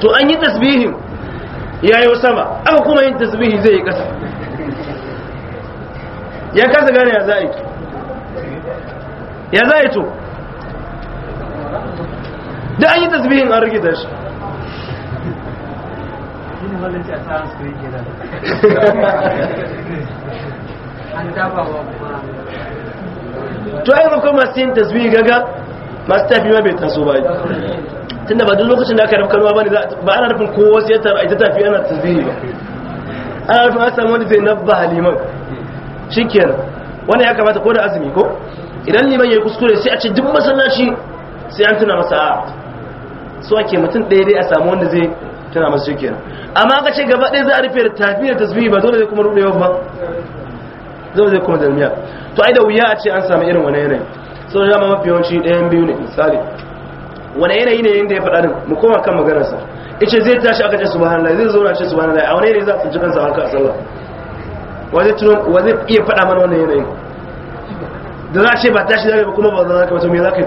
to an yi tasbihin yayo sama aka kuma yin tasbihi zai yi kasa ya kasa gane ya za'i ya za'i to da an yi tasbihin an rikita shi musulunci a an wa to ai rukun masu yin tasbihi gaga masu tafi ma bai taso ba tunda ba duk lokacin da aka rufe kalma ba ne ba ana wasu yatar ai ta ita tafi ana tasbihi ba ana nufin an samu wani zai nabba haliman shikenan wannan ya kamata ko da azumi ko idan liman ya kuskure sai a ce duk masallaci sai an tuna masa a so ake mutum ɗaya dai a samu wanda zai tana masu kenan amma aka ce gaba ɗaya za a rufe da tafiya tasbihi ba zai kuma rubewa ba zai zai kuma dalmiya to ai da wuya a ce an samu irin wani yanayi sau da ma mafi yawanci ɗayan biyu ne misali wani yanayi ne yadda ya faɗa din mu koma kan maganarsa ice zai tashi aka ce subhanallah zai zo na ce subhanallah a wani yanayi za a tsinci kansa haka a sallah wa zai iya faɗa mana wannan yanayin da za a ce ba tashi zai ba kuma ba za ka wata mai za ka yi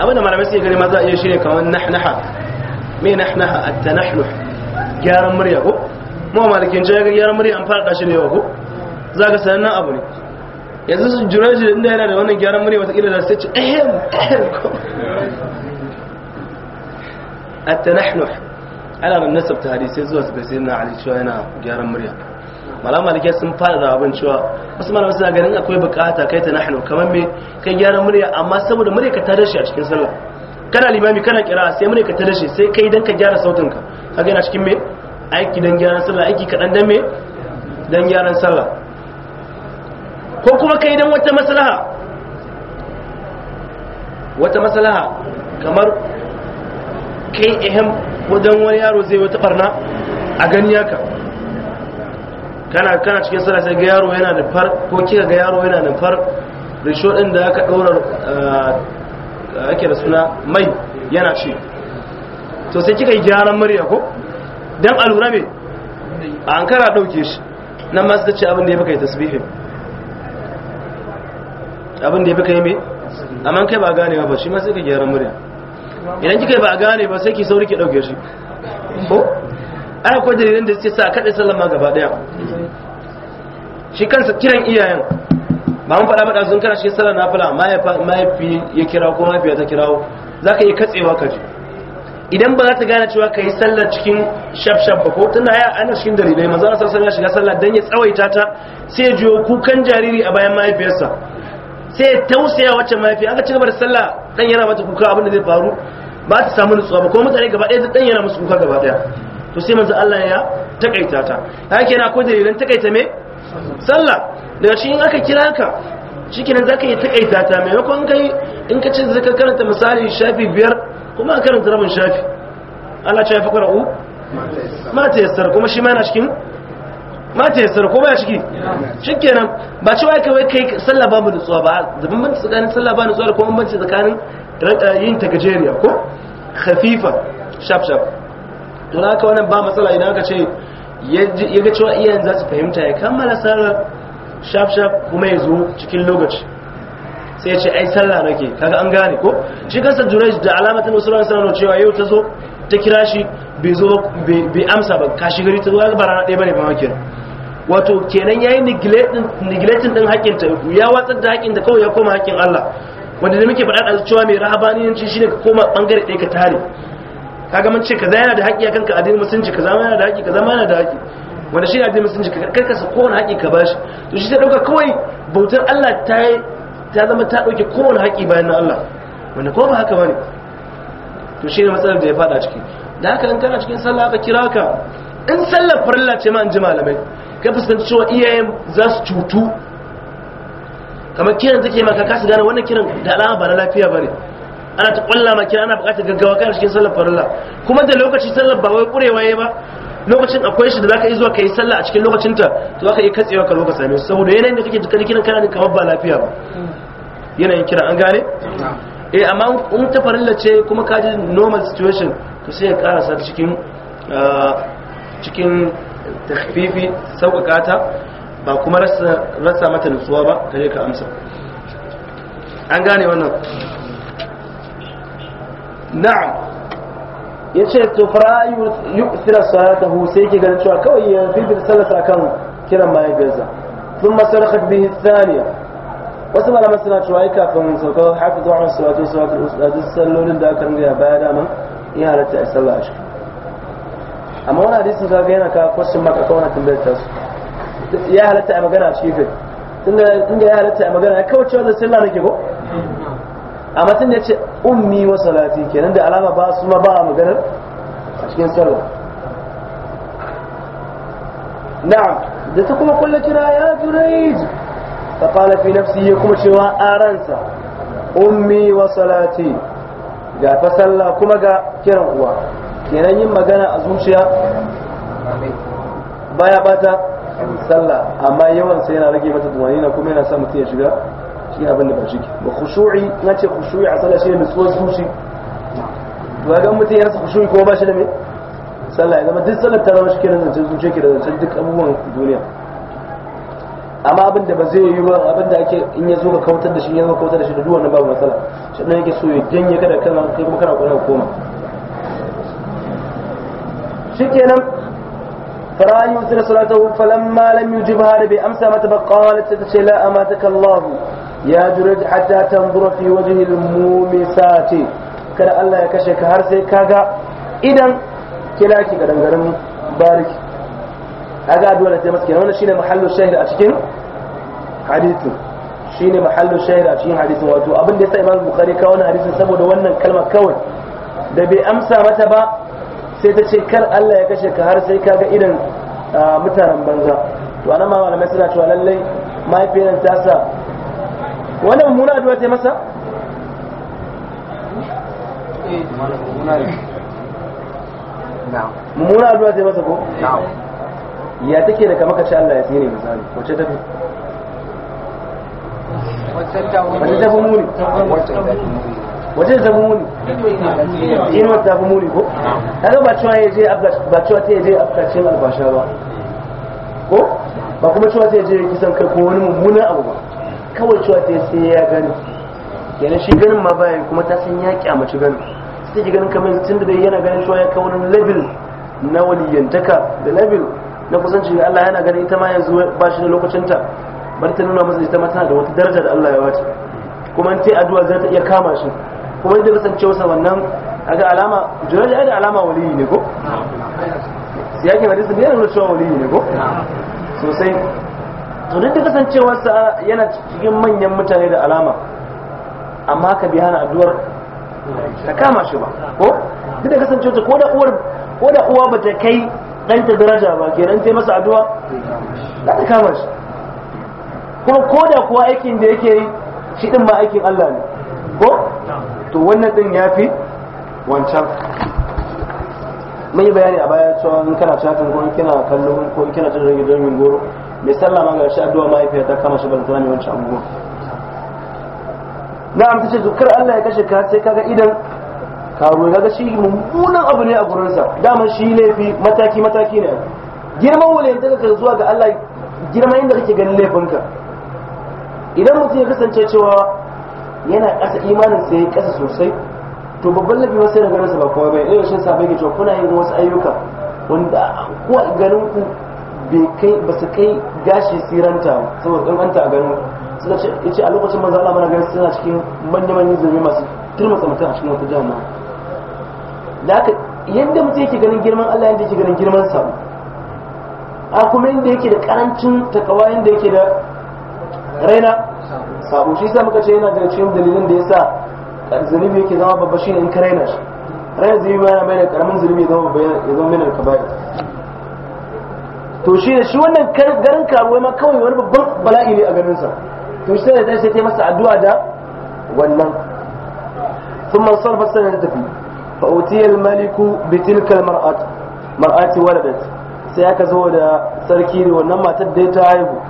abinda malamai suke gani ma za a iya shirya kamar nahnaha me nahnaha at-tanahnuh gyaran murya ko mu malikin jaga gyaran murya an fara dashi ne ko zaka sanan abu ne yanzu su jira shi inda yana da wannan gyaran murya wata kila da sai ce ehem ehem at-tanahnuh ana nan nasabta hadisi zuwa su ga sayyidina ali cewa yana gyaran murya malama malike sun fada da abin cewa wasu malama suna ganin akwai bukata kai ta nahnu kamar me kai gyara murya amma saboda murya ka tada shi a cikin sallah kana limami kana kira sai murya ka tada shi sai kai dan ka gyara sautin ka kaga yana cikin me aiki dan gyaran sallah aiki kadan dan me dan gyaran sallah ko kuma kai dan wata maslaha wata maslaha kamar kai ehem wajen wani yaro zai wata barna a gani haka kana kana cikin sallah sai ga yaro yana nufar ko kika ga yaro yana nufar risho din da aka daura eh, ake da suna mai yana ci to sai kika yi gyaran murya ko dan alura me an kara dauke shi nan ma suka ce abin da ya baka yi tasbihin abin da ya baka yi me amma kai ba gane ba shi ma sai ka gyaran murya idan kika ba gane ba sai ki sauri ki dauke shi ko ai akwai dalilan da suke sa kaɗai sallan ma gaba ɗaya shi kansa kiran iyayen ba mun faɗa faɗa sun kana shi sallar na fula mahaifi ya kira ko mahaifiya ta kirawo za ka yi katsewa ka ji idan ba za ta gane cewa ka yi sallar cikin shafshaf ba ko tana ya ana cikin dalilai maza a sallar shiga sallar don ya tsawaita ta sai ya jiyo kukan jariri a bayan mahaifiyarsa sai ya tausaya wacce mahaifiya aka ci gaba da sallah dan yana mata kuka abin da zai faru ba ta samu nutsuwa ba ko mutane gaba ɗaya dan yana musu kuka gaba ɗaya to sai manzo Allah ya takaita ta haka yana ko dalilan takaita me sallah daga cikin aka kira ka shikenan zaka yi takaita ta maimakon kai in ka ce zaka karanta misali shafi biyar kuma ka karanta rabin shafi Allah ya fakara u ma ta yassar kuma shi ma yana cikin ma ta yassar ko baya ciki shikenan ba cewa kai wai kai sallah babu nutsuwa ba da bambanci tsakanin sallah ba nutsuwa da kuma bambanci tsakanin eh, yin takajeriya ko khafifa shaf shaf don haka wani ba matsala idan aka ce ya ga cewa iyayen za su fahimta ya kammala sarar shaf-shaf kuma ya zo cikin lokaci sai ya ce ai sallah nake kaga an gane ko shi kansa jurej da alamatin usulun sanar cewa yau ta zo ta kira shi bai zo bai amsa ba kashi gari ta zo ya bara na ɗaya bane ba makin wato kenan ya yi neglecting din haƙƙin ta ya watsar da haƙƙin da kawai ya koma haƙƙin Allah wanda da muke faɗa da cewa mai rahabaniyanci shine ka koma bangare ɗaya ka tare kaga mun ce kaza yana da haƙƙi akan ka addinin musulunci kaza yana da haƙƙi kaza yana da haƙƙi wanda shi addinin musulunci ka ka sa kowane haƙƙi ka bashi to shi ta dauka kawai bautar Allah ta ta zama ta dauke kowane haƙƙi bayan na Allah wanda ko ba haka bane to shi ne matsalar da ya fada ciki da haka in kana cikin sallah aka kira ka in sallar farilla ce ma in ji malamai ka fuskanci cewa iyayen za su cutu kamar kiran take maka kasu gane wannan kiran da alama ba na lafiya bane ana ta kwalla maki ana bukatar gaggawa kan cikin sallar farilla kuma da lokaci sallar ba wai kurewa yayi ba lokacin akwai shi da zaka yi zuwa kai sallah a cikin lokacin ta to zaka yi katsewa ka lokacin same saboda yanayin da kake jikin kiran kana ne kamar ba lafiya ba yanayin kira an gane eh amma in ta farilla ce kuma ka ji normal situation to sai ya karasa cikin ah, cikin takfifi sauƙaƙa ta ba kuma rasa mata nutsuwa ba kare ka amsa an gane wannan نعم يشهد تفراي يؤثر صلاته سيكي قال شو كوي في برسالة كم كلا ما يجزا ثم صرخت به الثانية وسمع لما سنا شو أي كافم سكوا حتى طبعا الصلاة الصلاة الأصل هذا السلول ده كان جا بعد أما إيه على تأسلا أشك أما أنا ليس مسافينا كا قسم ما كونا تنبتس يا هلا تأمجنا شيفه تنا تنا يا هلا تأمجنا كوا شو هذا سلا نجيبه a matan ya ce ummi wa salati kenan da alama ba su ma ba a maganar a cikin sallah na'am da ta kuma kulla kira ya jurayj fa kala fi nafsi ya kuma cewa aransa ummi wa salati ga fa sallah kuma ga kiran uwa kenan yin magana a zuciya baya bata sallah amma yawan sai yana rage mata tunani na kuma yana sa mutum ya shiga shi abin da ba shi wa khushu'i na ce khushu'i a sallah shi ne nutsuwar zuci ba ga mutum ya khushu'i kuma ba shi da me sallah ya zama duk sallar ta zama shi kenan zancen zuciya ke da zancen duk abubuwan duniya amma abin da ba zai yi ba abin da ake in ya zo ka kautar da shi ya zo kautar da shi da duk babu matsala shi dan yake so ya janye kada kana kai kuma kana kwana koma shikenan فرأى يوتر صلاته فلما لم يجبها لبي أمسى متى قالت ستشي لا أماتك الله ya jure hatta tanzura fi wajhil mumisati kada Allah ya kashe ka har sai kaga idan kila ki ga dangarin bariki kaga addu'a da sai maske kenan wannan shine mahallu shahid a cikin hadisi shine mahallu shahid a cikin hadisin wato abin da yasa Imam Bukhari ka wannan hadisin saboda wannan kalma kawai da bai amsa mata ba sai ta ce kar Allah ya kashe ka har sai kaga idan mutanen banza to anan ma malamai suna cewa lallai mahaifiyar ta sa wannan mummuna addu'a ta masa mummuna addu'a ta masa ko ya take da kamar kace Allah ya tsine misali wacce ta fi wacce ta fi muni wacce ta fi muni in wata fi muni ko kaga ba cewa ya je ba cewa ta je afkacin albasha ba ko ba kuma cewa ta je kisan kai ko wani mummuna abu ba kawai cewa ta sai ya gani yana shi ganin ma bayan kuma ta san ya kyamaci ganin sai ki ganin kamar tun da yana ganin cewa ya kawo level na waliyantaka da level na kusanci da Allah yana ganin ita ma yanzu ba shi da lokacinta bar ta nuna masa ita ma tana da wata daraja da Allah ya wace kuma in ta addu'a za ta iya kama shi kuma inda kasancewarsa wannan aga alama jirar da alama waliyi ne ko siyakin hadisin yana nuna cewa waliyi ne ko sosai to duk da kasancewarsa yana cikin manyan mutane da alama amma ka bi hana addu'ar ta kama shi ba ko duk da kasancewarsa ko da uwar ko da uwa ba ta kai ta daraja ba ke ta masa addu'a za ta kama shi kuma ko da kuwa aikin da yake yi shi din ma aikin Allah ne ko to wannan din ya fi wancan mai bayani a baya cewa in kana chatin ko in kina kallon, ko in kina jin rage don goro mai sallah ma gashi addu'a mahaifiya ta kama shi ta ne wancan abubuwa na amsa ce zukar Allah ya kashe ka sai kaga idan karuwa kaga shi mummunan abu ne a sa dama shi laifi mataki mataki ne girman waliyantar ka zuwa ga Allah girman inda kake ganin ka idan mutum ya kasance cewa yana ƙasa imanin sa ya ƙasa sosai to babban labi ma sai ganin sa ba kowa bai irin shin sabai ke cewa kuna yin wasu ayyuka wanda ko ganin ku ba su kai gashi siranta saboda ƙanƙanta a gano suna ce a lokacin manzo Allah mana ganin suna cikin manya-manyan zurmi masu turmasa mutum a cikin wata jama'a da haka yadda mutum yake ganin girman Allah yadda yake ganin girman sa a kuma yadda yake da karancin takawa yadda yake da raina sabu shi sa muka ce yana da cikin dalilin da yasa zunubi yake zama babba shine in ka raina shi raina zunubi yana mai da karamin zunubi ya zama babba ya zama mai da kaba'i to shi ne shi wannan garin karuwa ma kawai wani babban bala'i ne a garinsa to shi sai da sai ta masa addu'a da wannan sun man sarfa sanar da tafi fa'utiyar maliku bitilkal mar'at mar'ati waladat sai aka zo da sarki da wannan matar da ta haihu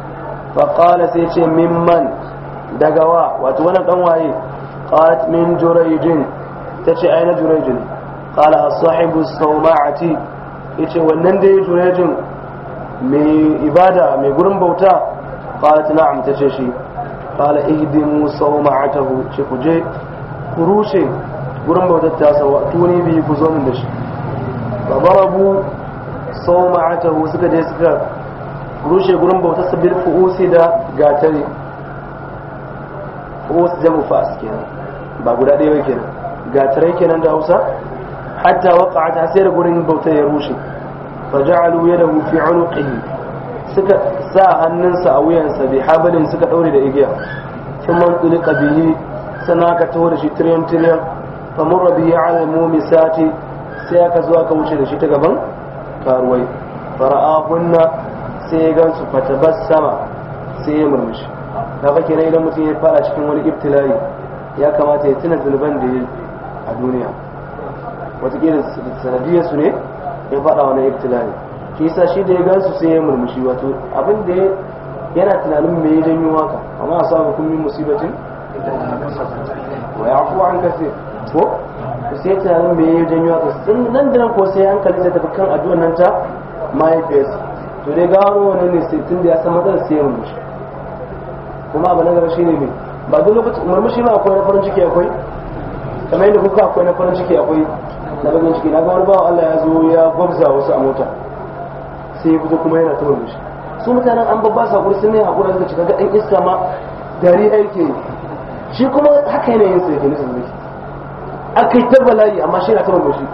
faƙala sai ce mimman daga wa wato wannan dan waye qalat min jurayjin tace aina jurayjin qala as-sahibu as-sawma'ati yace wannan dai jurayjin mai ibada mai gurin bauta ta na'am ce shi kala ihdimu sawma'atahu ce ku je ku rushe gurin bautar ta sawa tuni biyu ku zo min da shi fa darabu sawma'atahu suka je suka rushe gurin bautar sa bil fuusi da gatari fuus jamu fas kenan ba guda ɗaya ba kenan gatarai kenan da Hausa hatta waqa'ata sai da gurin bautar ya rushe faja'alu yadahu fi unuqihi suka sa hannunsa a wuyansa bi habalin suka daure da igiya sun man tsuli kabihi sana ka tawo da shi tiriyan tiriyan famurra bihi ala mumisati sai aka zo aka wuce da shi ta gaban karuwai Fara'a kunna sai ya gansu sama, sai ya murmushi kaga kenan idan mutum ya fara cikin wani ibtilai ya kamata ya tuna zunuban da ya a duniya wataƙila sanadiyarsu ne ya faɗa wani ibtilani shi yasa shi da ya gansu sai ya murmushi wato abin da yana tunanin me ya janyo haka amma a samu kun yi musibatin wa ya kuwa an kasi ko sai tunanin me ya janyo haka sun nan da nan ko sai an kalli zai tafi kan addu'a nan ta mahaifiyarsa to dai gano wani ne sai tun da ya san matsalar sai ya murmushi kuma abu na gaba shi ne mai ba duk lokacin murmushi ma akwai na farin ciki akwai kamar yadda kuka akwai na farin ciki akwai na ga bincike na ga wani bawan Allah ya zo ya gwabza wasu a mota sai ya fito kuma yana ta murmushi su mutanen an babba sa guri sun ne hakura suka cika ga dan iska ma dari aiki shi kuma haka yana yin sai kenan sai aka yi ta bala'i amma shi na ta murmushi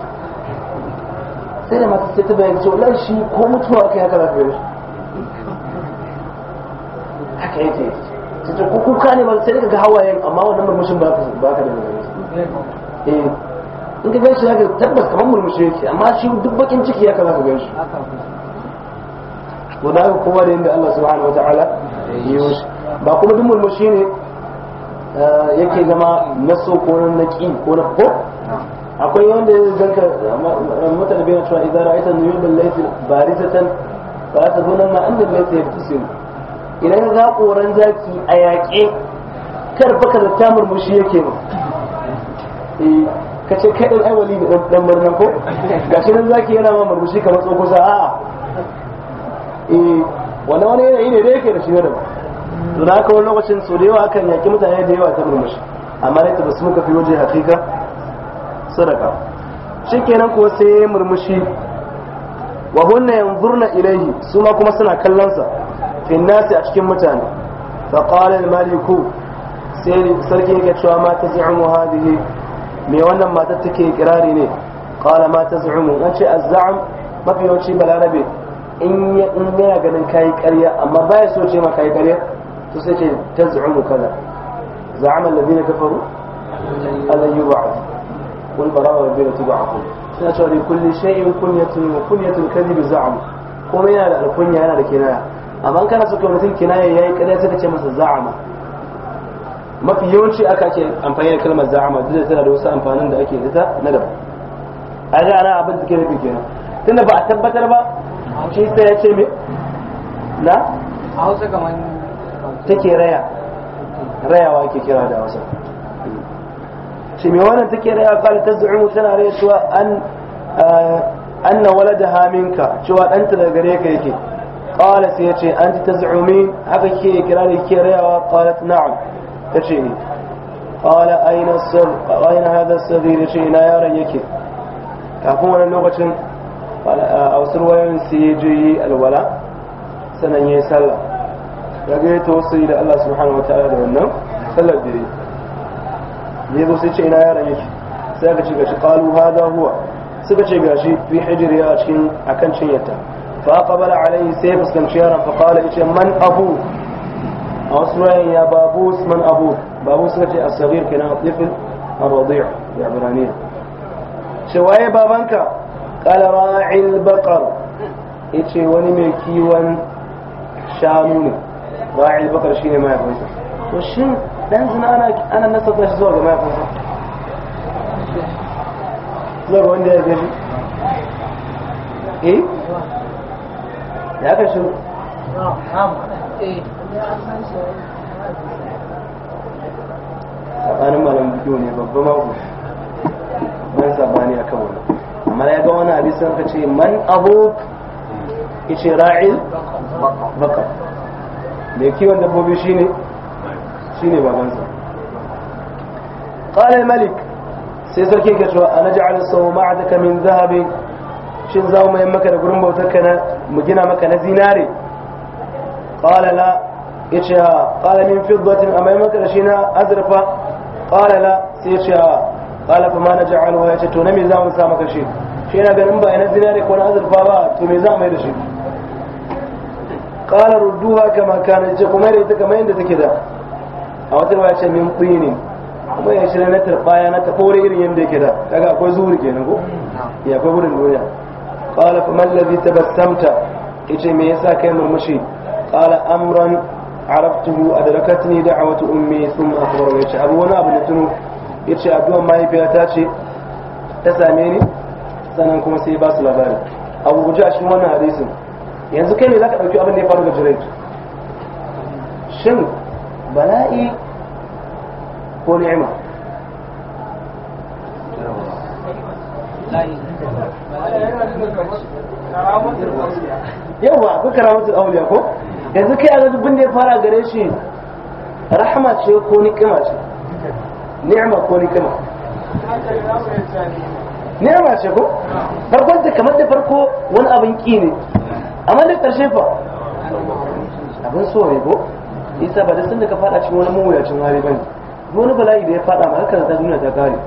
sai da masu sai ta bayani cewa wallahi shi ko mutuwa aka yi haka za ka gani haka yake ta ce kuka ne ba sai ka daga hawayen amma wannan murmushin ba ka da murmushi eh. in ka gan shi zaka tabbas kamar murmushi yake amma shi duk bakin ciki ya kaza ka gan shi to da haka kowa da yanda Allah subhanahu wataala ya yi shi ba kuma duk murmushi ne eh, yake zama na so ko na naki ko na ko akwai wanda ya zanka mutane na cewa idan ra'aitan nuyuban barisa barizatan ba ta zo nan ma an da fi yabtisimu idan ga koran zaki a yaƙe kar baka da tamur mushi yake ba eh, ka ce kai dan aiwali da dan murna ko ga shi nan zaki yana ma murmushi kamar tsohon kusa a'a eh wannan wani yanayi ne da yake da shi da ba to da haka wani lokacin so da yawa akan yaki mutane da yawa ta murmushi amma ne ta basu muka fi waje hakika sadaka shi kenan ko sai murmushi wa hunna yanzurna ilaihi su ma kuma suna kallonsa fin nasi a cikin mutane fa qala al maliku sai sarki yake cewa ma tazi'u hadhihi me wannan matar take kirari ne qala ma taz'umun an ce az-za'm mafi yawanci balarabe in ya ganin kayi ƙarya amma baya so ce ma kayi ƙarya to sai ce taz'umu kaza za'ama alladhina kafaru allan yub'ath wal bara'a wal bayna sai suna cewa kulli shay'in kunyatun wa kunyatun kadhib za'am kuma yana da alkunya yana da kinaya amma kana so ka mutum kinaya yayi ƙarya sai ka ce masa za'ama mafi yawanci aka ce amfani da kalmar za'ama duk da tana da wasu amfanin da ake da na daban a ga ana abin da ke nufi kenan tunda ba a tabbatar ba shi sai ya ce me na a hausa kamar take raya rayawa ake kira da hausa shi me wannan take raya ta zu'umu tana raya cewa an anna waladaha minka cewa danta daga gare ka yake qala sai ya ce anti taz'umin haka kike kira da kike rayawa qalat na'am kace ni qala aina sab qala hada sabir shi na yare yake kafin wannan lokacin awsur wayin su yi alwala sanan sallah da ga to sai da Allah subhanahu wa ta'ala da wannan sallar dire ne go sai ina yare yake sai ga ce ga shi qalu hada huwa sai ga ce ga shi fi hijri ya cikin akan cinyarta fa qabala alayhi sayyid muslim shiyaran fa qala ita man abu أصلا يا بابوس من أبوه بابوس رجع الصغير كان الطفل الرضيع شو شوية بابنك قال راعي البقر إيشي وني ميكي كيوان شاموني راعي البقر شيني ما يفنسا وشين لانزنا أنا أنا الناس أطلع زوجة ما يفنسا زوجة وين ده يجي إيه؟ يا كشو نعم نعم إيه tsakanin malam biyu ne babba mako ban sabani a kan wani amma ya ga wani hadisi ka ce man abu ice ra'il baka mai kiwon dabbobi shine shine babansa qala malik sai sarki ke cewa ana ja'al sawma'ataka min zahabin shin za mu yi maka da gurin bautar ka na mu gina maka na zinare qala la yace ha qala min fiddatin amma maka da shi na azrafa qala la sai yace ha qala fa ma naj'alu yace to na me za mu sa maka shi shi yana ganin ba ina zinare ko na azurfa ba to me za mu yi da shi qala rudduha kama kana ce kuma da ita kamar yadda take da a wata ruwa ce min ne kuma ya shirya na tarbaya na tafore irin yadda yake da daga akwai zuhur kenan ko ya akwai wurin duniya qala fa man ladhi tabassamta yace me yasa kai murmushi qala amran arabtuhu adrakatni da'watu abu wani abu ne tuno yace addu'ar mahaifiyata ce ta same ni sannan kuma sai ba su labari abu guji a cikin wannan hadisin yanzu kai ne zaka dauki abin da ya faru da Jurayj shin bala'i ko ni'ima yawa ku karamatul awliya ko yanzu kai a ga dubin da ya fara gare shi rahama ce ko ni'ima ce ni'ima ko ni kama ni'ima ce ko farkon ta kamar da farko wani abin ki ne amma da karshe fa abin so ne ko isa ba da sun da ka fada cikin wani mawuyacin hali bane wani bala'i da ya fada ma haka ta duniya ta kare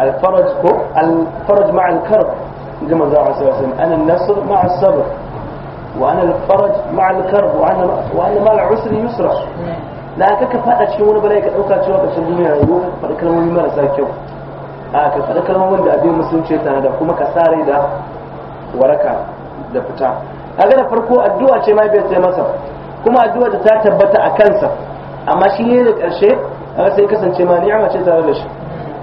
الفرج هو الفرج مع الكرب كما manzo Allah sallallahu انا النصر مع الصبر ma'a الفرج wa الكرب وانا وانا ma'a العسر لا كك شي yusra da aka ka fada cikin wani bala'i ka dauka cewa kashin duniya rayuwa ka faɗi kalmomi marasa kyau a ka da kuma ka da waraka da fita kaga da farko addu'a ce mai bai sai masa kuma addu'a ta tabbata a kansa amma shi ne da karshe kaga sai kasance ma ni'ama ce tare da shi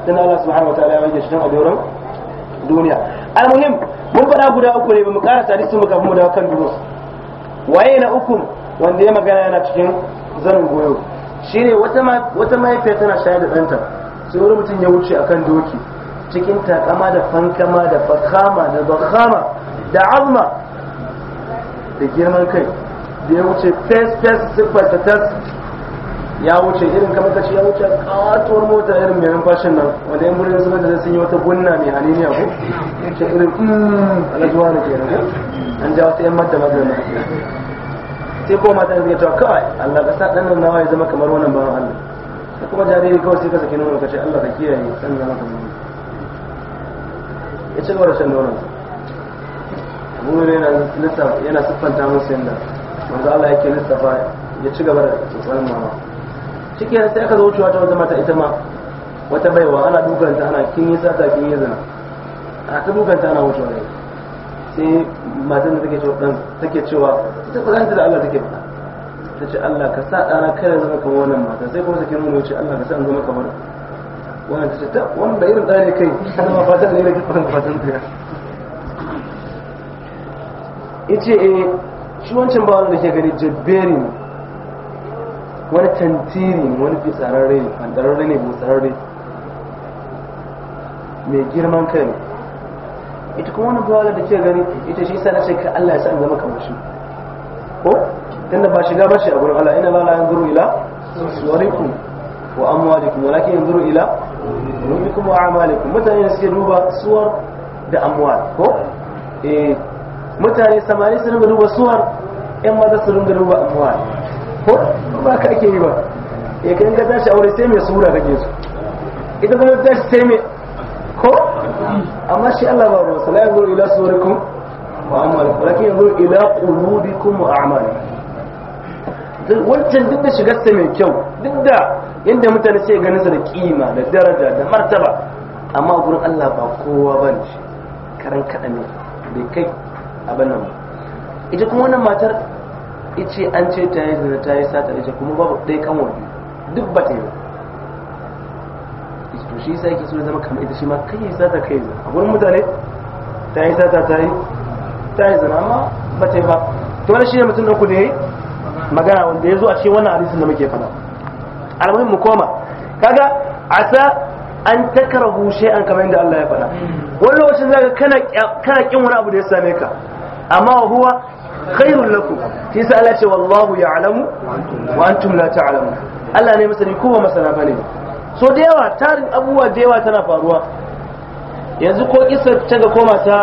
dan Allah subhanahu wataala ya rage shi dan a duniya almuhim mun faɗa guda uku ne mu ƙara sadi sun mu kan duro waye na uku wanda ya magana yana cikin zanin goyo shine wata mahaifiya tana shayar da ɗanta sai wani mutum ya wuce akan doki cikin takama da fankama da fakama da bakama da azma da girman kai da ya wuce fes fes siffar ta tas ya wuce irin kamar kace ya wuce katuwar mota irin mai numfashin nan wanda yan gurin zuba da sun yi wata gunna mai haniniya ko ce irin hmm, alajuwa ne kenan an ja wata yan madda magana sai ko mata ne ta kawai Allah ka sa dan nan ya zama kamar wannan bawan Allah sai kuma jariri kawai sai ka saki nono kace Allah ka kiyaye san zama kamar ya ci gaba da shan nonon mu yana lissafa yana siffanta musu yanda manzo Allah yake lissafa ya ci gaba da tsotsar mama shike sai aka zo wucewa ta wata mata ita ma wata baiwa ana dukanta ana kin yi sata kin yi zina a aka dukanta ana wucewa ne sai matan da take cewa take cewa ita kuzanta da Allah take faɗa ta ce Allah ka sa ɗana kare zama kamar wannan mata sai kuma take nuna wuce Allah ka sa zama kamar wannan ta ce ta wanda irin ɗa ne kai ana ma fatan ne da kifan fatan ta ya ce eh shi wancan bawan da ke gani jabberi ne wani tantiri wani tsararre ne fandararre ne tsararre mai girman kai ne ita kuma wani buwalar da ke gani ita shi sa na ce ka Allah ya sa in zama kamar shi ko tunda ba shiga ba shi a gurin Allah ina la yanzuru ila suwarikum wa amwalikum walakin yanzuru ila qulubikum wa a'malikum mutane da suke duba suwar da amwal ko eh mutane samari su ringa duba suwar yan maza su ringa duba amwal ko ba ka ake yi ba ya eh, kai ga tashi aure sai mai sura kake su ita kuma tashi sai mai ko amma shi Allah ba ruwa sala yanzu ila surikum wa amali walakin yanzu ila qulubikum wa a'mali wancan duk da shigar sa mai kyau duk da yadda mutane sai ganin sa da kima da daraja da martaba amma gurin Allah ba kowa bane karan kada ne bai kai abin nan ita kuma wannan matar ice an ce ta yi zina ta yi sata ice kuma babu ɗaya kan wani duk ba ta yi to shi sa yake so zama kamar ita shi ma kai yi sata kai zina a gurin mutane ta yi sata ta yi ta yi zina amma ba ta yi ba to wani shi ne mutum ɗauku da ya yi magana wanda ya zo a cikin wannan hadisin da muke faɗa almuhim mu koma kaga asa an takarahu an kamar yadda Allah ya faɗa wani lokacin zaka kana kana kin wani abu da ya same ka amma huwa khairul lakum shi yasa Allah ce wallahu ya'lamu wa antum la ta'lamun Allah ne masani ko ba masana bane so da yawa tarin abubuwa da yawa tana faruwa yanzu ko kisa ta ga koma ta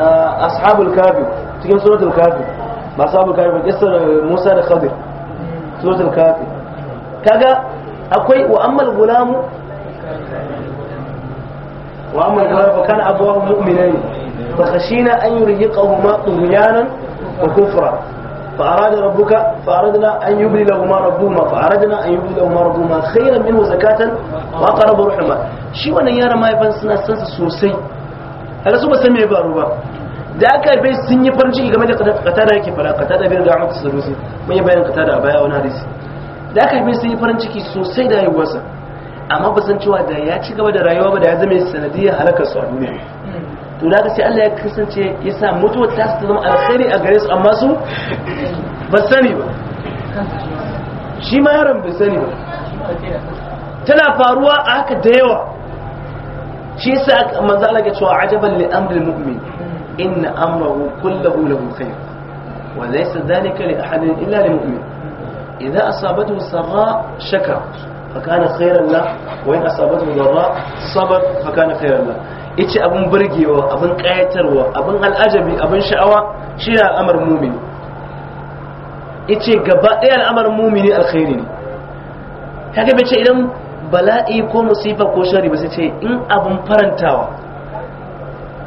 uh, ashabul kafi cikin suratul kafi ba ashabul kafi ba kisa uh, Musa da Khadir suratul kafi kaga akwai wa ammal gulamu wa ammal gulamu fa kana abuwahu mu'minain فخشينا أن يرهقهما طغيانا وكفرا فأراد ربك فأردنا أن يبدلهما ربهما فأردنا أن يبدلهما ربهما خيرا منه زكاة وأقرب رحما شي wannan yaran mahaifan suna san su sosai kaga su ba san ba da aka bai sun yi farin ciki game da kata da yake fara kata da bin da Ahmad Sarusi mun yi bayan da baya wani hadisi da aka bai sun yi farin ciki sosai da rayuwarsa amma ba san cewa da ya ci gaba da rayuwa ba da ya zama sanadiyar halakar su a duniya to da sai Allah ya kasance ya sa mutuwar ta su zama alkhairi a gare su amma su ba sani ba shi ma yaron bai sani ba tana faruwa a haka da yawa shi sa manzo Allah ya ce wa ajaban li amri mu'min inna amrahu kulluhu lahu khair wa laysa dhalika li ahadin illa lil mu'min idza asabathu sarra shakara fa kana khairan فكان wa له وإن أصابته sabara fa kana khairan له yace abin burgewa abin kayatarwa abin al'ajabi abin sha'awa shi ne al'amar mumini yace gaba ɗaya al'amar mumini alkhairi ne kaga bace idan bala'i ko musifa ko shari ba sai ce in abin farantawa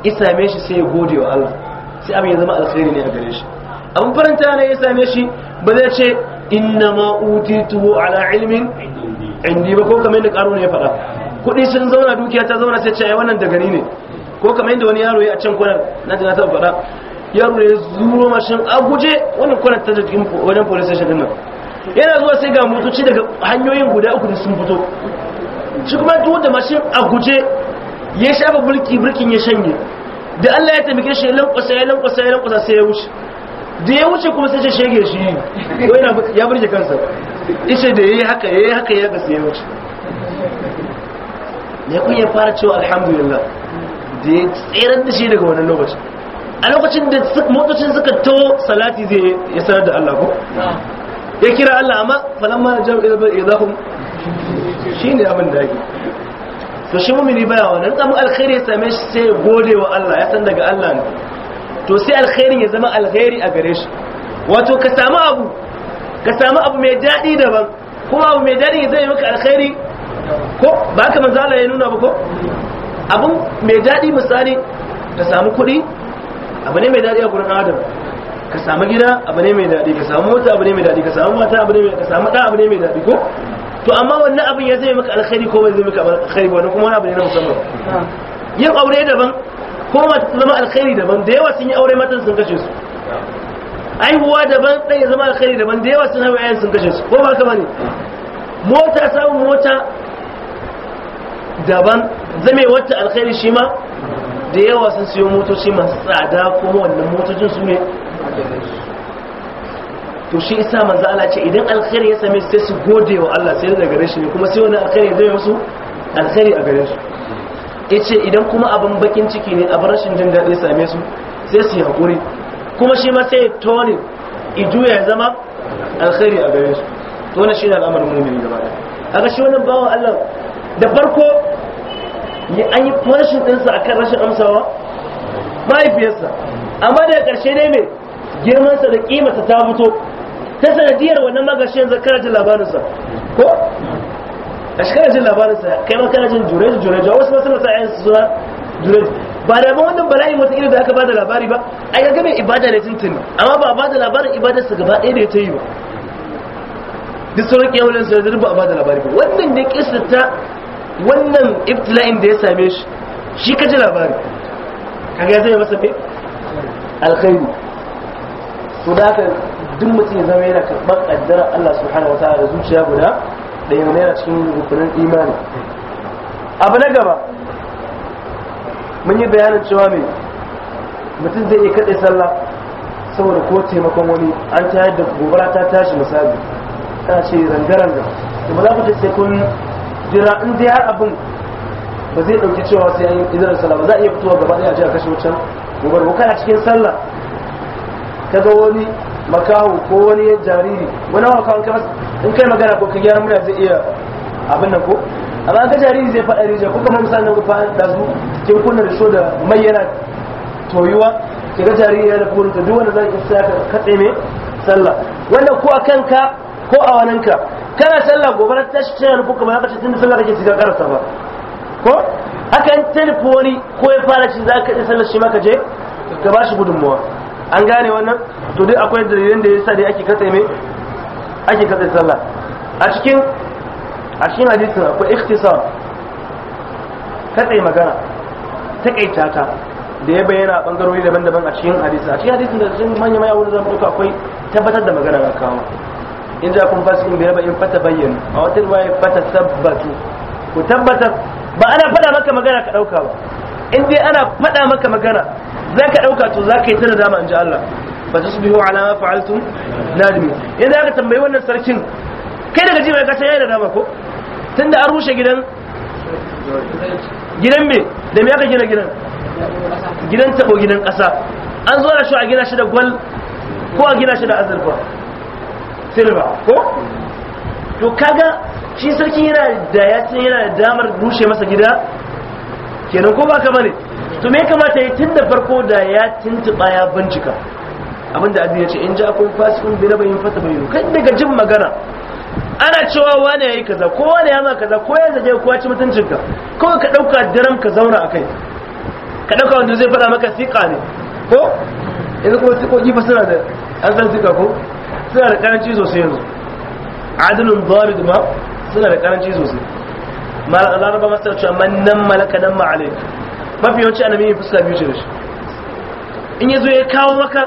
ya same shi sai ya gode wa Allah sai abin ya zama alkhairi ne a gare shi abin faranta ne ya same shi ba zai ce inna ma utitu ala ilmin indi ba ko kamar da karo ne ya faɗa kudi sun zauna dukiya ta zauna sai ce ai wannan da ne ko kamar yadda wani yaro ya a can kwanar na ji na taɓa faɗa yaro ya zuro mashin a guje wannan kwanar ta jikin wajen police station din nan yana zuwa sai ga motoci daga hanyoyin guda uku da sun fito shi kuma duk da mashin a guje ya shafa bulki bulkin ya shanye da Allah ya tabbike shi ya lankwasa ya lankwasa ya lankwasa sai ya wuce da ya wuce kuma sai ya shege shi ko yana ya burge kansa ishe da yayi haka yayi haka ya ga sai ya wuce mai kun ya fara cewa alhamdulillah da ya tseren da shi daga wannan lokacin a lokacin da motocin suka to salati zai ya sanar da Allah ko ya kira Allah amma falamma jami'ar bar idahum shi ne abin da yake to shi mumini baya wannan tsamu alkhairi ya same shi sai gode wa Allah ya san daga Allah ne to sai alkhairin ya zama alkhairi a gare shi wato ka samu abu ka samu abu mai daɗi daban kuma abu mai daɗi zai maka alkhairi ko ba ka mazala ya nuna ba ko abu mai daɗi misali ka samu kuɗi abu ne mai daɗi a gurin adam ka samu gida abu ne mai daɗi ka samu mota abu ne mai daɗi ka samu mata abu ne mai ka samu ɗa abu ne mai daɗi ko to amma wannan abin ya zai maka alkhairi ko bai zai maka alkhairi ba kuma wani abu ne na musamman yin aure daban ko zama alkhairi daban da yawa sun yi aure matan sun kashe su aihuwa daban ɗan ya zama alkhairi daban da yawa sun hau yayin sun kashe su ko ba ka bane mota samun mota daban zame wata alkhairi shi ma da yawa sun siyo motoci masu tsada kuma wannan motocin su ne to shi isa manzo Allah ce idan alkhairi ya same sai su gode wa Allah sai daga gare shi ne kuma sai wani alkhairi zai musu alkhairi a gare su yace idan kuma abin bakin ciki ne abin rashin jin daɗi same su sai su hakuri kuma shi ma sai ya tone ijuya ya zama alkhairi a gare su to wannan shine al'amarin mu'mini gaba ɗaya aga shi wannan bawo Allah da farko yi an yi fashin ɗinsa a kan rashin amsawa mahaifiyarsa amma daga ƙarshe ne mai girmansa da ƙimata ta fito ta sanadiyar wannan magashi yanzu kana jin labarinsa ko a shi kana jin labarinsa kai ma kana jin jureji jureji wasu masu nasa yan su suna jureji ba da ban wannan bala'in wata irin da aka bada labari ba a yi mai ibada ne tuntuni amma ba a bada labarin ibadarsa gaba ɗaya da ya ta yi ba duk sauran kiyamulin su yanzu ba a bada labari ba wannan da kisa ta wannan iftila'in da ya same shi shi ka ji labari kaga zai masa me alkhairu su da haka duk mutum ya zama yana karɓar ƙaddara Allah su hana wata da zuciya guda da yana yana cikin rukunin imani abu na gaba mun yi bayanin cewa mai mutum zai iya kaɗe sallah saboda ko taimakon wani an tayar da gobara ta tashi misali ta ce ranga-ranga da ba za ku ta sai kun jira in dai har abin ba zai ɗauki cewa sai an yi idan sallah ba za a iya fitowa gaba ɗaya a kashe wucin gobar ko kana cikin sallah ka ga wani makaho ko wani jariri wani makaho ka masa in kai magana ko ka gyara murya zai iya abin nan ko amma ka jariri zai faɗa rijiya ko kamar misalin nan fa da su kin kunna da shoda da mai yana toyuwa ki ga jariri yana kuma ta duk wanda zai isa ka katse sallah wannan ko a kanka ko a ka. kana sallah gobe ta shi tana nufu kamar haka ce tun sallah kake cikin karasa ba ko haka in ta nufi wani ko ya fara shi za ka iya sallah shi maka je ka ba shi gudunmuwa an gane wannan to duk akwai dalilin da ya sa dai ake katse mai ake katse sallah a cikin a cikin hadisin akwai ikhtisar katse magana takaita ta da ya bayyana bangarori daban-daban a cikin hadisi a cikin hadisin da cikin manya-manya wurin zama akwai tabbatar da magana ga kawo in za kun fasikun bi in fata bayyana a wata riwaya fata sabbatu ku tabbata ba ana faɗa maka magana ka ɗauka ba in dai ana faɗa maka magana za ka ɗauka to za ka yi ta da dama in ji Allah su tusbihu ala ma fa'altum nadimi in za ka tambayi wannan sarkin kai daga jima ka san yayi da dama ko tunda an rushe gidan gidan me da me aka gina gidan gidan tabo gidan ƙasa an zo da shi a gina shi da gwal ko a gina shi da azurfa silver ko to kaga shi sarki yana da ya ce yana da damar rushe masa gida kenan ko baka bane to me kamata yi tun da farko da ya tuntuɓa ya bincika abinda abin ya ce in ji akwai kun bi na bayin fata yi kan daga jin magana ana cewa wane ya yi kaza ko wane ya ma kaza ko ya zaje ko ya ci mutuncinka ko ka ɗauka daram ka zauna a kai ka ɗauka wanda zai faɗa maka siƙa ne ko yanzu kuma siƙoƙi fa suna da an san siƙa ko suna da karanci sosai yanzu adilun barid ma suna da karanci sosai ba masar cewa man nan malaka nan ma'ale mafi yawanci ana mai fuska biyu ce da shi in ya zo ya kawo maka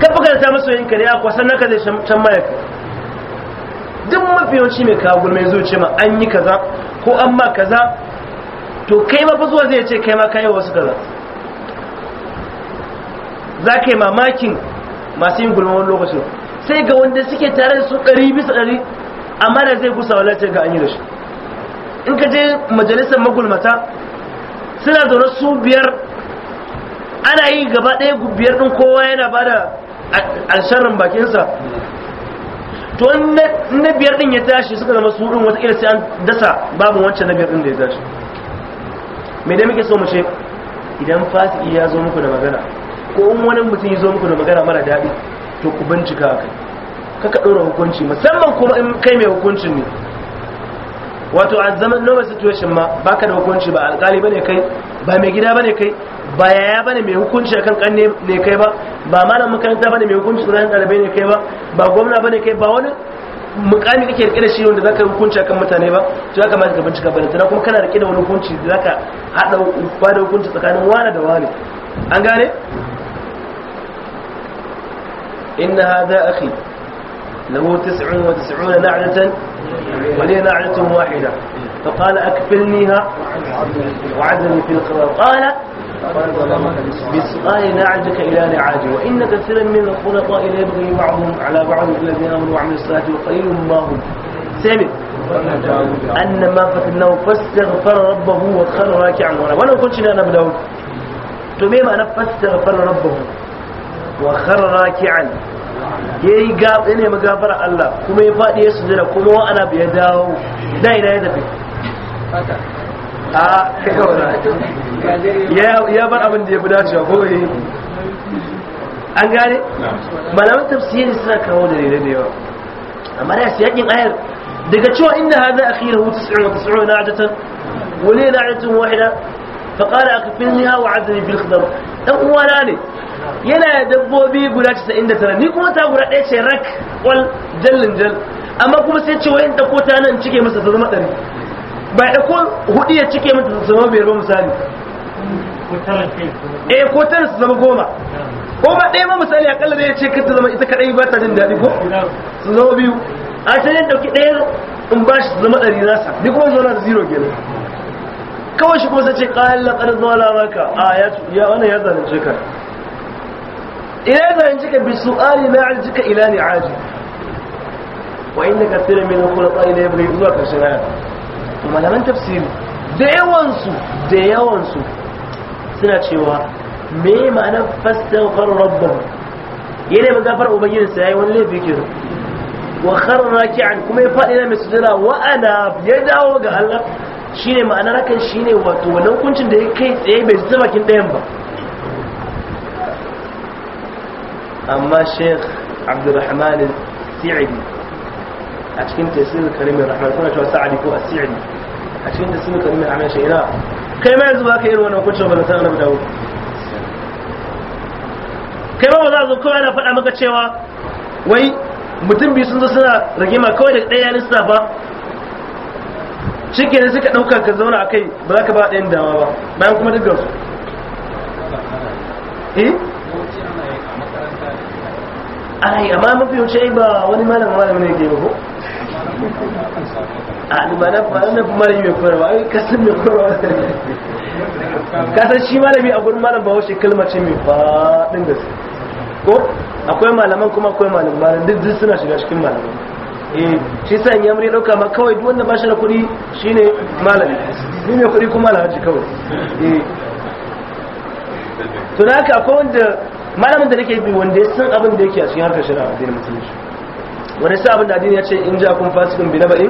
kan ka da ta masu yin kariya kwa sannan ka zai can mayaka duk mafi yawanci mai kawo gulma ya zo ce ma an yi kaza ko an ma kaza to kai ma zuwa zai ce kai ma kayo wasu kaza za ka yi mamakin masu yin gulma wani lokacin sai ga wanda suke tare su ɗari bisa ɗari amma da zai gusa walatar ga an yi da shi in ka je majalisar magulmata suna zaune su biyar ana yi gaba ɗaya biyar ɗin kowa yana ba da alsharin bakinsa to na biyar ɗin ya tashi suka zama su ɗin wata watakila sai an dasa babu wancan na biyar ɗin da ya tashi mai da muke so mu ce idan fasiki ya zo muku da magana ko in wani mutum ya zo muku da magana mara daɗi to ku bincika kai kaka ɗora hukunci musamman kuma in kai mai hukuncin ne wato a zaman normal situation ma baka da hukunci ba alƙali bane kai ba mai gida bane kai ba yaya bane mai hukunci akan kanne ne kai ba ba malam makaranta bane mai hukunci tsakanin ɗalibai ne kai ba ba gwamna bane kai ba wani mukami kake rike da shi wanda zaka hukunci akan mutane ba to ya kamata ka bincika bane tana kuma kana rike da wani hukunci da zaka hada ba da hukunci tsakanin wani da wani an gane إن هذا أخي له تسع وتسعون نعلة ولي نعلة واحدة فقال أكفلنيها وعدني في القرار قال بسقال نعجك إلى نعاجي وإن كثيرا من الخلطاء يبغي بعضهم على بعض الذين أمروا وعملوا الصلاة وقليل ما هم سامي أن ما فتنه فاستغفر ربه وخر راكعا ولو كنت أنا بداود تميم أنا فاستغفر ربه wa kharra raki'an yayi gab ne magafara Allah kuma ya fadi ya sujada kuma wa ana bai dawo da ina ya tafi a ya ya bar abin da ya fi dacewa ko eh an gane malaman tafsiri suna kawo da rere da yawa amma da siyakin ayar daga cewa inda hada akhirahu 99 na'jatan wa li na'jatun wahida fa qala akfilniha wa 'adni fil khidr dan uwana ne yana da dabbobi guda 99 ni kuma ta guda ɗaya ce rak wal jallin jal amma kuma sai ce wayan ɗauko ta nan cike masa ta zama ɗari ba ko hudu ya cike masa ta zama biyar ba misali eh ko tara su zama goma ko ba ɗaya ma misali akalla da ya ce kanta zama ita kaɗai ba ta jin daɗi ko su zama biyu a ta yin ɗauki ɗaya in ba shi zama ɗari nasa ni kuma zama na da zero kenan kawai shi kuma sai ce ƙayan ƙarfin zama lamarka a ya wannan ya zalunce ka إلى ما ينجيك بالسؤال ما يعجيك إلى نعاجي وإن كثير من الخلطاء لا يبغي zuwa ƙarshen aya kuma laman tafsiri da yawansu da yawansu suna cewa me ma'ana fastaghfar rabbahu yana ba gafar ubangijin sa yayi wani laifi ke wa kharra ki'an kuma ya faɗi na misjira wa ana ya dawo ga Allah shine ma'anar hakan shine wato wannan kuncin da ya kai tsaye bai zama kin dayan ba amma sheikh abdurrahman sa'idi a cikin tasirin karimin rahman suna cewa sa'adi ko al-sa'idi a cikin tasirin karimin rahman shi ina kai ma yanzu ba ka yi wannan hukuncin ba na sanar da dawo kai ba ba za zo kawai ana faɗa maka cewa wai mutum biyu sun zo suna rigima kawai da ɗaya ya suna ba shi kenan suka ɗauka ka zauna a kai ba za ka ba ɗayan dama ba bayan kuma duk gausu eh ai amma mafi wuce ba wani malam malam ne ke ko a ni ba na ba na malam mai koyarwa ai kasan mai koyarwa kasan shi malami a gurin malam ba wace kalma ce mai faɗin gaske ko akwai malaman kuma akwai malam malam duk duk suna shiga cikin malam eh shi sa ya mure dauka ma kawai duk wanda ba shi da kuɗi shine malami ni ne kuɗi kuma alhaji kawai eh to da haka akwai wanda malamin da nake bi wanda ya san abin da yake a cikin harkar shari'a addinin musulunci wani sa abin da addini ya ce in ja kun fasikin bi na baɗi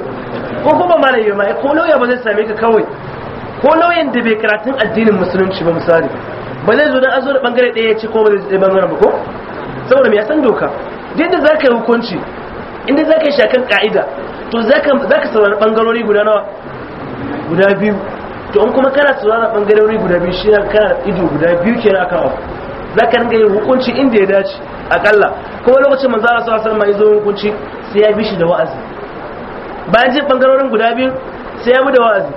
ko kuma malami ma eh, ko lauya ba zai same ka kawai ko lauyan da bai karatun addinin musulunci ba misali ba zai zo don azo da bangare ɗaya ya ce ko ba zai da bangaren ba ko saboda mai san doka yadda za ka yi hukunci inda za ka yi shakan ka'ida to za ka saurari bangarori guda nawa guda biyu to in kuma kana saurari bangarori guda biyu shi kana ido guda biyu kenan aka abu za ka ringa yin hukunci inda ya dace akalla kuma lokacin manzo Allah sallallahu alaihi wasallam ya zo hukunci sai ya bi shi da wa'azi bayan jin bangarorin guda biyu sai ya bi da wa'azi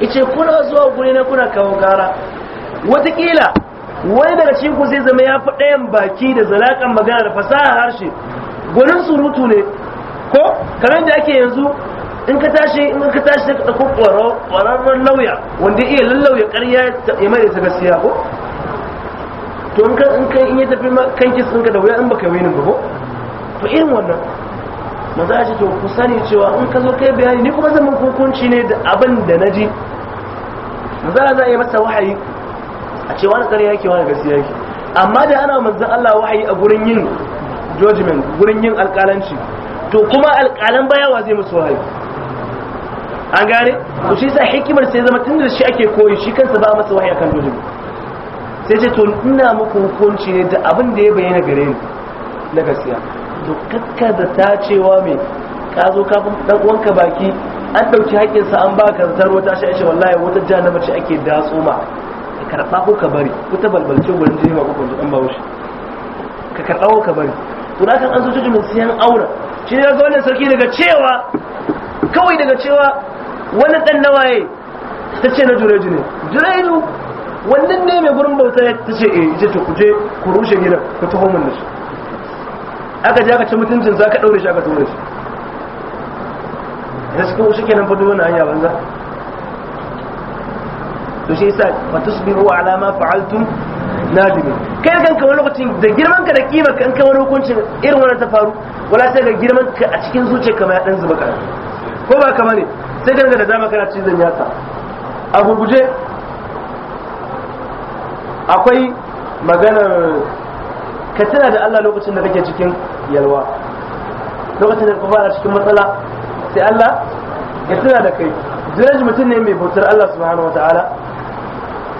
yace kuna zuwa guri na kuna kawo kara wataƙila wani daga cikin ku zai zama ya fi ɗayan baki da zalakan magana da fasaha harshe gurin surutu ne ko kamar da ake yanzu in ka tashi in ka tashi ka ɗauko ƙwararren lauya wanda iya lallauya ƙarya ya mai da ta gaskiya ko to in kan in in ya tafi kan kis ɗinka da wuya in baka wainin ba ko to irin wannan maza ce to ku sani cewa in ka zo kai bayani ni kuma zan hukunci ne da abin da na ji maza za a yi masa wahayi a ce wani ƙarya yake wani gasi yake amma da ana manzan Allah wahayi a gurin yin judgment gurin yin alƙalanci to kuma alƙalan bayawa zai musu wahayi an gane ku shi sa hikimar sai zama tun da shi ake koyi shi kansa ba masa wahayi akan judgment sai ce to ina muku hukunci ne da abin da ya bayyana gare ni na gaskiya to kakka da ta cewa mai ka zo kafin dan uwanka baki an dauki sa an baka zartar wata shi ashe wallahi wata jahannama ce ake da tsoma ka karɓa ko ka bari ko ta balbalce gurin jini ba ko kun dan bawo shi ka karɓa ko ka bari to da kan an ji mun siyan aura shi ne ga wannan sarki daga cewa kawai daga cewa wani dan nawaye ta ce na jure-jure. jureju wannan ne mai gurin bauta ta ce eh ita ce kuje ku rushe gidan ku taho mun shi aka ji aka ci mutuncin za ka daure shi aka tura shi da suka wuce kenan fa dole hanya banza to shi yasa fa tusbihu ala ma fa'altum nadimi kai kan wani lokacin da girman ka da kimar ka kan wani hukuncin irin wannan ta faru wala sai ga girman ka a cikin zuce kamar ya dan zuba ka ko ba kamar ne sai kan da dama kana cizon yasa a guje. akwai maganar ka tana da Allah lokacin da kake cikin yalwa lokacin da ka fara cikin matsala sai Allah ya tana da kai ziraj mutum ne mai bautar Allah subhanahu wataala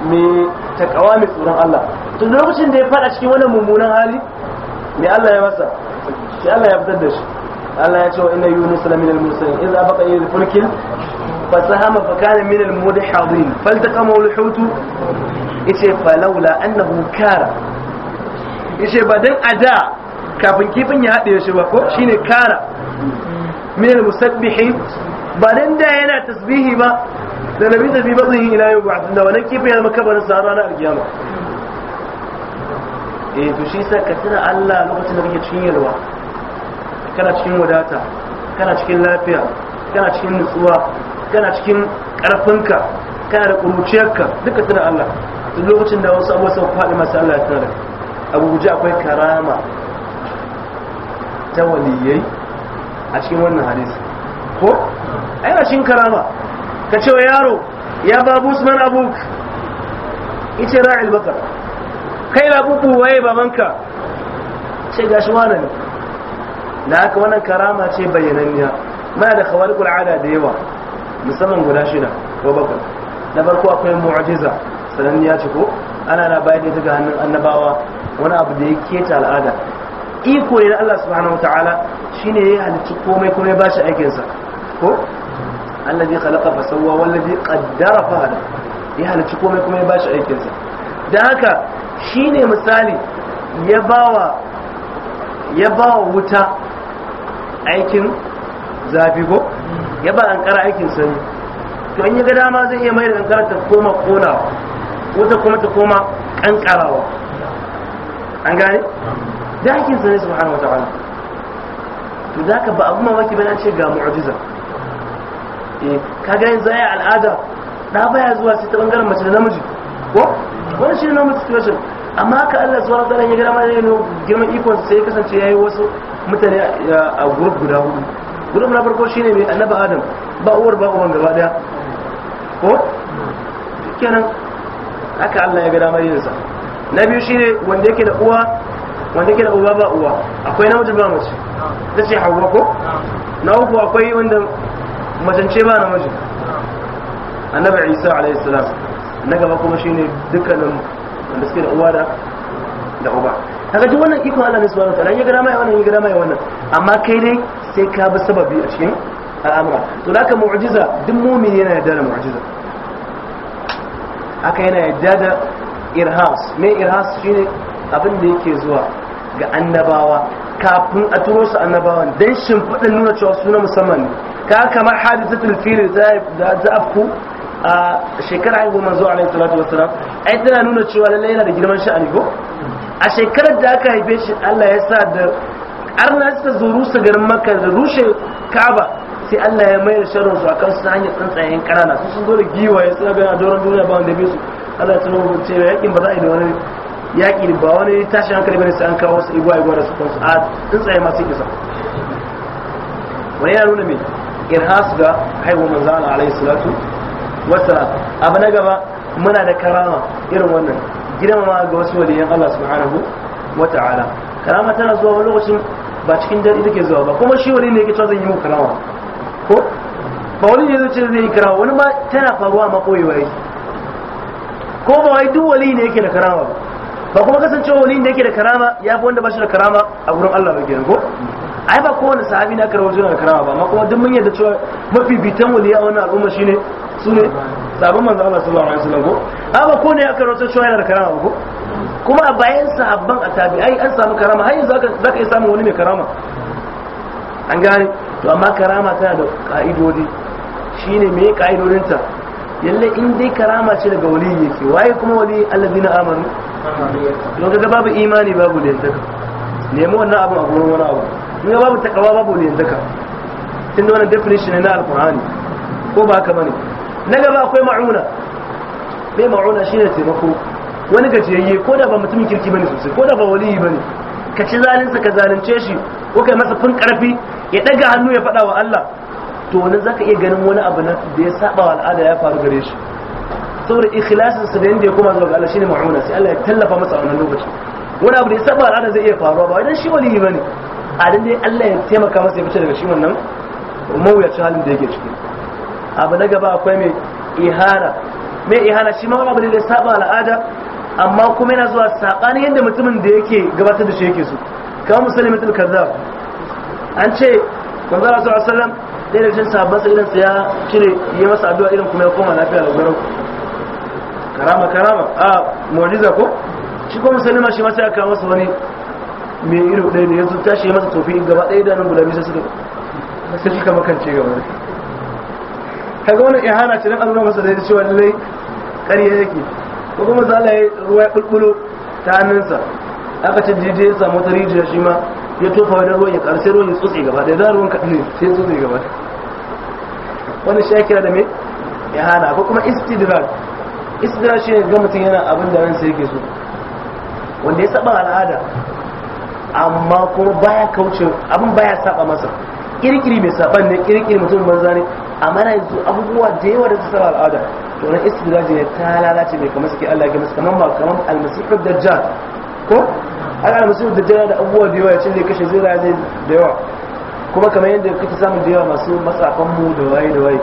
mai takawa mai tsoron Allah to lokacin da ya fada cikin wannan mummunan hali mai Allah ya masa sai Allah ya fitar da shi Allah ya ce wa inna yunus la min al-mursalin idza baqa ila fulkil fasahama fa kana min al-mudhadhin faltaqama al-hutu yace falaula annahu kara yace ba dan ada kafin kifin ya hade shi ba ko shine kara min al ba dan da yana tasbihi ba da nabi da bi bazin ila yau ba'd da wannan kifin ya makabarin sa ranar alkiyama eh to shi sa ka tuna Allah lokacin da kake cikin yalwa kana cikin wadata kana cikin lafiya kana cikin nutsuwa kana cikin karfinka kana da kuruciyarka duka tuna Allah duk lokacin da wasu abuwa sun faɗi masu Allah ya rai abu guji akwai karama ta waliyai a cikin wannan hadisi ko aina shi karama ka ce wa yaro ya babu usman abuk ita ra'il bakar kai na bubu waye babanka ce shi wane ne na haka wannan karama ce bayyananniya muna da kawar kul'ada da yawa musamman guda shida ko bakwai na farko akwai mu'ajiza sananniya ce ko ana na bayar da ita ga hannun annabawa wani abu da ya keta al'ada iko ne na Allah subhanahu ta'ala shine ya halicci komai komai ba shi aikinsa ko Allah zai khalaqa fa sawwa wallazi qaddara fa hada ya halicci komai komai ba shi aikinsa da haka shine misali ya bawa ya bawa wuta aikin zafi ko ya ba ankara aikin sanyi to an yi ga dama zai iya mai da ankara ta koma konawa wata kuma ta koma kankarawa an gane da hakin sa ne subhanahu wataala to da ka ba abu mamaki bane an ce ga mu'jiza eh za yanzu yi al'ada da baya zuwa sai ta bangaren mace da namiji ko wani shi ne normal situation amma ka Allah subhanahu wataala ya ga ma ne girman ikon sai ya kasance yayi wasu mutane a group guda hudu group na farko shine mai annabi Adam ba uwar ba uban gaba daya ko kenan haka Allah ya ga damar yinsa na biyu ne wanda yake da uwa wanda yake da uwa ba uwa akwai namiji ba mace ta ce hawa ko na uku akwai wanda macance ba namiji annabi isa alaihi salam na gaba kuma ne dukkanin wanda suke da uwa da da uba kaga duk wannan ikon Allah ne subhanahu wataala ya gada dama ya wannan ya gada mai wannan amma kai dai sai ka bi sababi a cikin al'amura to da haka mu'jiza duk mu'min yana da mu'jiza haka yana yadda da irhas mai irhas shine abin da yake zuwa ga annabawa kafin a turo su annabawan dan shimfiɗin nuna cewa suna musamman ne ka kamar hadisatul fil da a a shekarar haihuwa manzo alaihi salatu wassalam ai tana nuna cewa lalai yana da girman sha'ani ko a shekarar da aka haife shi Allah ya sa da arna ta zo su garin makka da rushe kaba sai Allah ya mayar sharrin su kan su hanyar tsuntsayen ƙanana. su sun zo giwaye suna gana doron duniya ba wanda bai su Allah ya tuno ce yakin ba za a yi da wani yaki ba wani tashin hankali bane sai an kawo su igwa igwa da su kansu a tsuntsaye masu kisa wani yana nuna mai irhas ga haihuwar manzo Allah alaihi salatu wassalam abu na gaba muna da karama irin wannan girmama ga wasu waliyan Allah subhanahu wa ta'ala karama tana zuwa wani lokacin ba cikin daɗi take zuwa ba kuma shi wani ne ya ke cewa zan yi muku karama ko ba wani ne zuciya zai yi kira wani ma tana faruwa ma koyewa yake ko ba wai duk wali ne yake da karama ba kuma kasancewa wali ne yake da karama ya fi wanda ba shi da karama a gurin Allah ba kenan ko ai ba kowane sahabi na karawar juna da karama ba amma kuma duk mun yadda cewa bitan wali a wannan al'umma ne su ne sabon manzo Allah sallallahu alaihi wasallam ko amma ko ne ya karawar cewa yana da karama ba ko kuma a bayan sahabban a tabi'ai an samu karama har yanzu zaka iya samu wani mai karama an gane to amma karama tana da ka'idodi shine me ka'idodinta yalle in dai karama ce daga wali yake waye kuma wali allazina amanu don kaga babu imani babu da yanzu nemi wannan abu a gurin wani abu in ga babu takawa babu da yanzu tunda wannan definition ne na alqur'ani ko ba haka bane na gaba akwai ma'una mai ma'una shine taimako wani gajiyayye ko da ba mutumin kirki bane sosai ko da ba wali bane ka ci zalinsa ka zalunce shi ko kai masa fin karfi ya daga hannu ya faɗa wa Allah to wani zaka iya ganin wani abu na da ya saba wa al'ada ya faru gare shi saboda ikhlasin sa da yanda ya koma zuwa ga Allah shine ma'una sai Allah ya tallafa masa a wannan lokaci wani abu da ya saba al'ada zai iya faruwa ba idan shi wali bane a dan dai Allah ya taimaka masa ya fice daga shi wannan mawuyacin halin da yake ciki abu na gaba akwai mai ihara, mai ihara shi ma wani abu da ya saba al'ada amma kuma yana zuwa saɓanin yadda mutumin da yake gabatar da shi yake so kawo musulmi mutum kaza an ce manzara su asalam ɗaya da cikin sabon sa irinsa ya cire yi masa addu'a irin kuma ya koma lafiya da garau karama karama a mu'jiza ko shi ko musulma shi masa ya kawo masa wani mai ido ɗaya da ya zuta shi masa tofi gaba ɗaya da nan guda biyu sai su sai makance gaba kaga wannan ihana ce dan Allah masa da cewa lallai ƙarya yake ko kuma zala ruwa ya bulbulo ta hannunsa aka ce jije ya samu ta rijiya shi ma ya tofa wani ruwan ya karshe ruwan ya tsotse gaba da za ruwan kaɗan ne sai tsotse gaba wani shakira da me ya hana ko kuma istidrak istidrak shi ne ga mutum yana abin da ransa yake so wanda ya saba al'ada amma kuma baya kauce abin baya saba masa kirkiri mai saban ne kirkiri mutum banza ne amma yana yanzu abubuwa da yawa da su saba al'ada to na istidraji ne ta lalace mai kamar suke Allah ya kamar ba kamar almasihu dajjal ko almasihu dajjal da abubuwa da yawa ya ce kashe zira zai da yawa kuma kamar yadda kake samun da yawa masu matsafan mu da waye da waye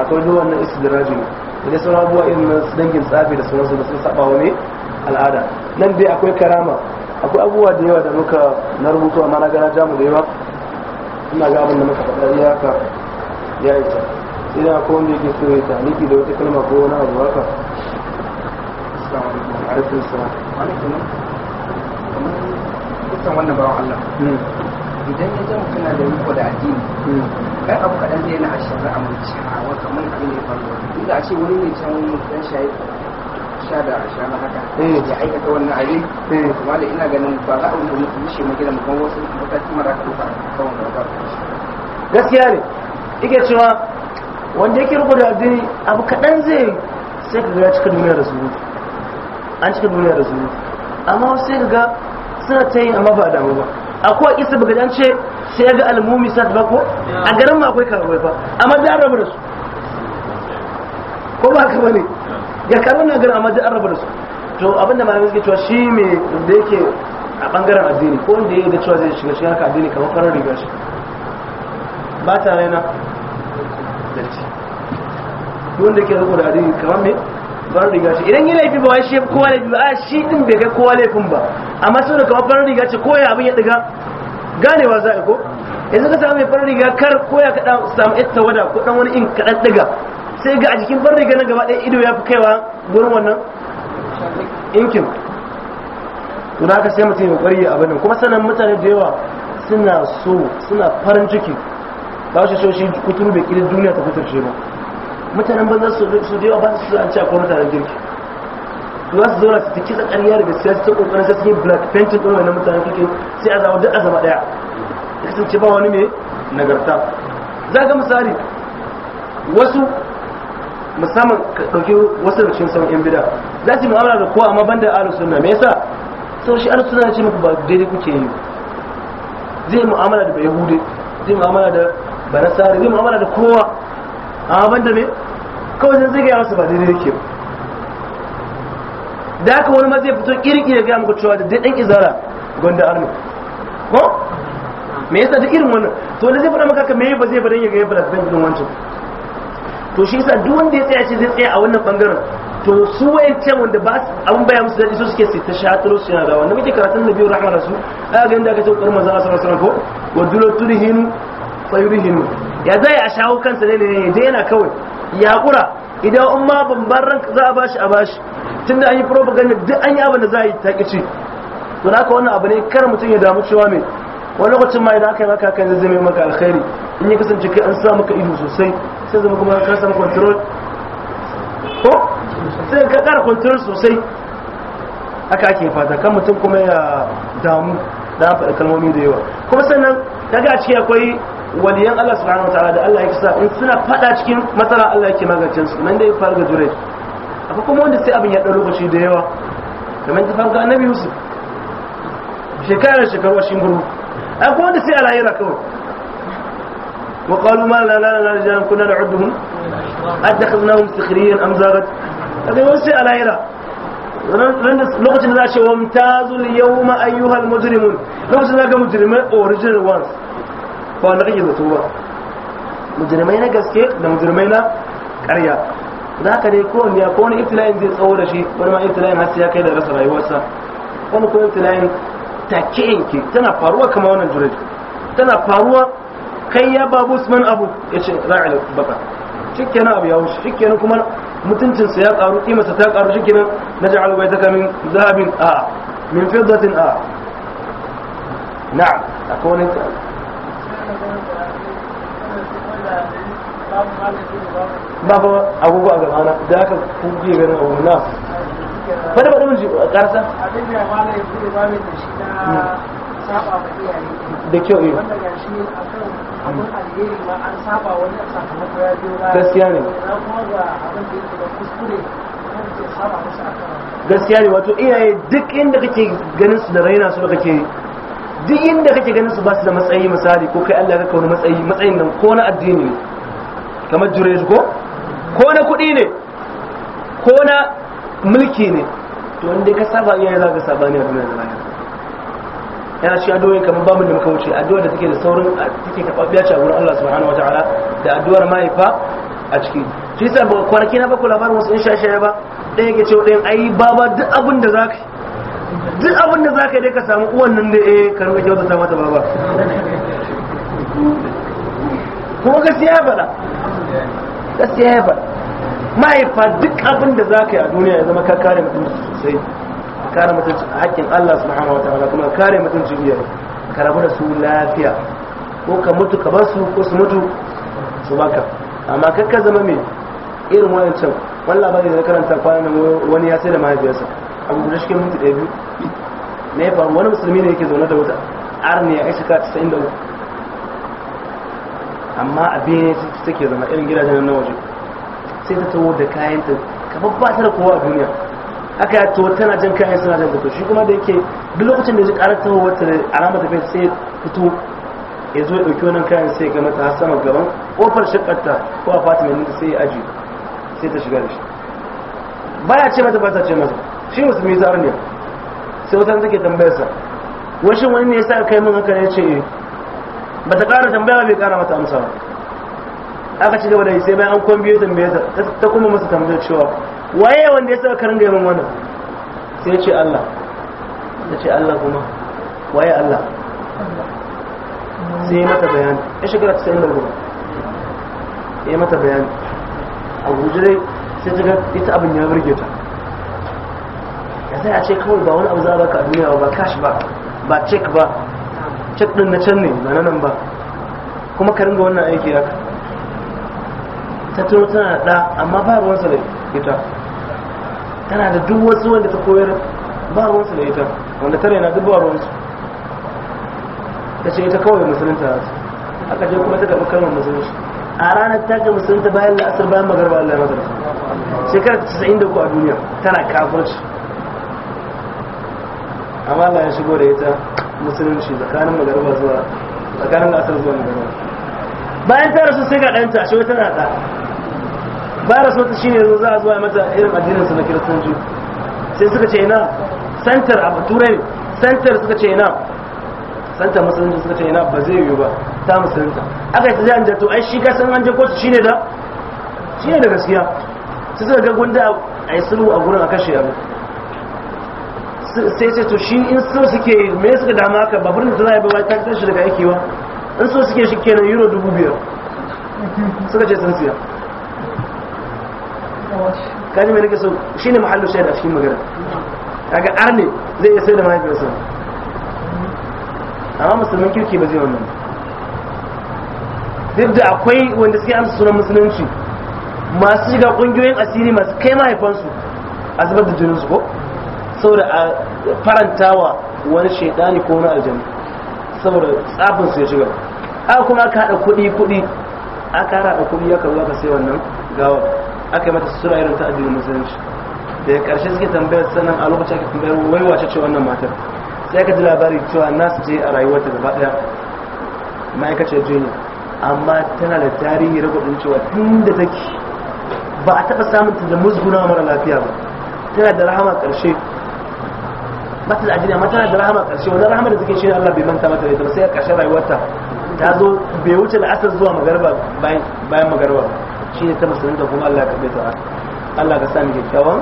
akwai duk wannan istidraji ne da sauran abubuwa irin na dangin tsafi da sauransu da sun saba wani al'ada nan dai akwai karama akwai abubuwa da yawa da muka na rubutu amma na gana jamu da yawa ina ga abin da muka faɗa iyaka ya yi ta. idan ko wanda yake so ya taliki da wata kalma ko wani abu haka alaikum salam alaikum dukkan wannan bawan Allah hmm. idan ya zama kana da riko da addini hmm. kai abu kaɗan zai na a shari'a mai cewa kamar abin da ya faru inda a ce wani ne can dan shayi sha da a na haka hmm. ya aikata wannan abin kuma da ina ganin ba za a wuce mu kushe mu gidan mu kan wasu mataki mara ka duka kawai da ba gaskiya ne ike cewa wanda yake riko da addini abu kaɗan zai sai ka ga cika duniya da surutu an cika duniya da surutu amma sai ka ga suna ta yin amma ba damu ba akwai isa ba gadan ce sai ya ga almumi sat ba ko a garin ma akwai karuwai ba amma da an rabu da su ko ba ka ba ne? ya karuwa na garin amma da an rabu da su to abinda malamin suke cewa shi me da yake a bangaren addini ko wanda ya yi da cewa zai shiga shi haka addini kamar farar riga shi ba tare na ta'addanci wanda ke da addini kamar me riga ce idan yi laifi ba wai shi kowa laifi ba a shi din bai kai kowa laifin ba amma sau da kamar ban riga ce ya abin ya diga ganewa za ko yanzu ka samu mai riga kar koya ka dan samu ita wada ko dan wani in kaɗan diga sai ga a jikin ban riga nan gaba ɗaya ido ya fi kaiwa gurin wannan inkin to da haka sai mutum ya kwari abin nan kuma sanan mutane da yawa suna so suna farin ciki ba su so shi kuturu bai kirin duniya ta kuturce ba mutanen banza su su da yawa ba su an ce akwai mutanen girki za su zauna su ta kisa ƙarya da gaskiya su ta ƙoƙarin sai su yi black painting ɗin wani mutanen kirki sai a zama duk a zama ɗaya ya kasance ba wani mai nagarta za ga misali wasu musamman ka ɗauki wasu rikin sauran yan bida za su yi mu'amala da kowa amma banda alu suna me yasa sau shi alu suna ce muku ba daidai kuke yi zai mu'amala da yahudi zai mu'amala da Bana na sa rubi mu'amala da kowa amma da me kawai zan zagaya wasu ba daidai yake da haka wani ma zai fito kirki da gaya muku cewa da daɗin izara gwanda arno ko me yasa da irin wannan to wanda zai fara maka ka me ba zai faɗa ya gaya ba da ɗin wancan to shi yasa duk wanda ya tsaya shi zai tsaya a wannan bangaren to su wayancan wanda ba abun baya musu daɗi su suke sai ta shataro su yana da wanda muke karatun nabi rahmar rasu a ga inda aka ce ƙwarar mazan asara sarrafa ko wa dulo hinu. fayurihinu ya zai a shawo kansa ne ne ya yana kawai ya kura idan in ma bambar ran za a bashi a bashi tunda an yi propaganda duk an yi abin da za a yi takici to da haka wannan abu ne kar mutum ya damu cewa mai wani lokacin ma idan aka yi maka kan zai zama maka alkhairi in ya kasance kai an sa maka ido sosai sai zama kuma ka san control ko sai ka kara control sosai haka ake fata kan mutum kuma ya damu da faɗi kalmomi da yawa kuma sannan daga a ciki akwai waliyan Allah subhanahu wataala da Allah yake sa in suna fada cikin matsala Allah yake magance su nan da ya fara ga jure akwai kuma wanda sai abin ya dauko lokaci da yawa kamar ta farko annabi Yusuf shekara shekaru a guru akwai wanda sai alayira kawai wa qalu ma la la la rijalan kunna na'udduhum adakhadnahum sikhriyan am zagat akwai wanda sai alayira lokacin da za a ce wa mutazul yawma ayyuhal mujrimun lokacin da ga mujrimai original ones ba wanda kake zato ba mujirmai na gaske da mujirmai na ƙarya da haka dai kowanne ya kowane itilayin zai tsawo da shi wani ma itilayin har sai ya kai da rasa rayuwarsa wani kuma ibtila'in take yanke tana faruwa kama wannan jureji tana faruwa kai ya babu usman abu ya ce ra'ayi baka shikenan abu ya wuce shikenan kuma mutuncinsa ya karu kimarsa ta karu shikenan na ji bai ta min zahabin a min fiddatin a na'am akwai wani ba ba agogo a gabana da aka kuke ganin abu na fada da ba da ba da kyau eh gaskiya ne da gaskiya ne wato iyaye duk inda kake ganin su da raina su da kake duk inda kake ganin su ba su da matsayi misali ko kai Allah ya kawo matsayi matsayin nan ko na addini ne kamar jureji ko ko na kuɗi ne ko na mulki ne to wanda ka saba iyaye za ka saba ne a duniya da lahira yana shi addu'o'i kamar mu da muka wuce addu'ar da take da saurin take karɓaɓɓiya ce a wurin Allah subhanahu wa ta'ala da addu'ar mahaifa a ciki shi yasa ba kwanaki na baku labarin wasu in shaya ba ɗaya yake ce ɗayan ai baba duk abin da za ka duk abin da za ka dai ka samu uwan nan da eh karɓa kyauta ta mata baba kuma gaskiya ya gaskiya ya faɗa mahaifa duk abin da za ka yi a duniya ya zama ka kare mutunci sosai ka kare mutunci a hakkin Allah subhanahu wataala kuma ka kare mutunci biyar ka rabu da su lafiya ko ka mutu ka basu ko su mutu su baka amma kakka zama mai irin wayancin wani labari da karanta kwanan wani ya sai da mahaifiyarsa abu da shi mutu ɗaya biyu na ya faru wani musulmi ne yake zaune da wata arniya ya shiga 93 amma abin suke zama irin gidajen na waje sai ta taho da kayanta ka ba ta kowa a duniya aka yi taho tana jan kayan suna jan fito shi kuma da yake duk lokacin da ya ji karar taho wata da alama ta fesa sai fito ya zo ya ɗauki wannan kayan sai ga mata sama gaban ƙofar shakarta ko a mai nuna sai ya aji sai ta shiga da shi baya ce mata ba ta ce masa shi zarar ne sai wata take tambayarsa washin wani ne ya sa kai min haka ne ce ba ta ƙara tambaya bai ƙara mata amsa aka ci gaba da sai bayan an kwan biyu ta ta kuma masa tambayar cewa waye wanda ya saka karin gaban wannan sai ce Allah ta ce Allah kuma waye Allah sai ya mata bayani ya ta shekara 94 ya mata bayani a gujirai sai ta ga ita abin ya birge ta ya sai a ce kawai ba wani abu za a baka a duniya ba cash ba ba check ba cikin na can ne ba na nan ba kuma ka ga wannan aiki haka ta tuno tana da ɗa amma ba ruwansa da ita tana da duk wasu wanda ta koyar ba ruwansa da ita wanda tare na duk ba ruwansu ta ce ita kawai musulunta za su aka je kuma ta gaba kalmar musulunci a ranar ta ga musulunta bayan la'asar bayan magarba Allah ya masa ta su da ku a duniya tana kafurci amma Allah ya shigo da ita musulunci tsakanin magarba zuwa tsakanin asar zuwa magarba bayan ta rasu sai ga ɗanta shi wata na ɗa ba rasu ta shine yanzu za a zuwa mata irin addinin su na kiristanci sai suka ce ina santar a turai santar suka ce ina santar musulunci suka ce ina ba zai yiwu ba ta musulunta aka yi ta an jato ai shi kasan an je kotu shine da shine da gaskiya sai suka ga gunda a yi sulhu a gurin a kashe abu sai sai to shi in so suke me suka dama ka babur ne ta za ba ta kasar shi daga aiki ba in so suke shi kenan euro dubu biyar suka ce sun siya kaji mai nake so shi ne mahallin shaida a cikin magana daga arne zai iya sai da mahaifiyarsa amma musulmin kirki ba zai wannan duk da akwai wanda suke amsa sunan musulunci masu shiga kungiyoyin asiri masu kai mahaifansu a zubar da jininsu ko saboda a farantawa wani shaidani ko wani aljanu saboda tsafin su ya shiga a kuma aka haɗa kuɗi kuɗi aka haɗa kuɗi ya karuwa ka sai wannan gawa aka yi mata sura irin ta addinin musulunci da ƙarshe suke tambayar sanan a lokacin aka tambayar wai wace ce wannan matar sai ka ji labari cewa nasu je a rayuwarta gaba ɗaya ma'aikaciyar juniya amma tana da tarihi ragwadin cewa tun da take ba a taɓa samunta da musguna mara lafiya ba tana da rahama ƙarshe mata da ajiyar mata da rahama karshe wani rahama da suke shi ne Allah bai manta mata da ita sai a karshen rayuwarta ta zo bai wuce da asar zuwa magarba bayan magarba shi ne ta da kuma Allah ka bai ta Allah ka sami kyakkyawan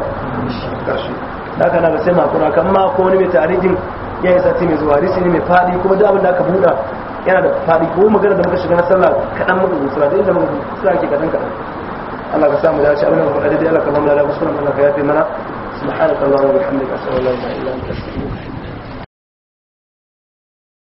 karshe da haka na sai makon akan mako ko wani mai tarihin ya yi sati mai zuwa risi ne mai fadi kuma da abin da aka buɗa yana da fadi ko magana da muka shiga na sallah kaɗan muka gusura da inda muka gusura ke kaɗan kaɗan Allah ka samu dace abin da muka faɗa daidai Allah ka mamla da kusuran Allah ka yafe mana سبحانك اللهم وبحمدك اشهد ان لا اله إلا أنت أستغفرك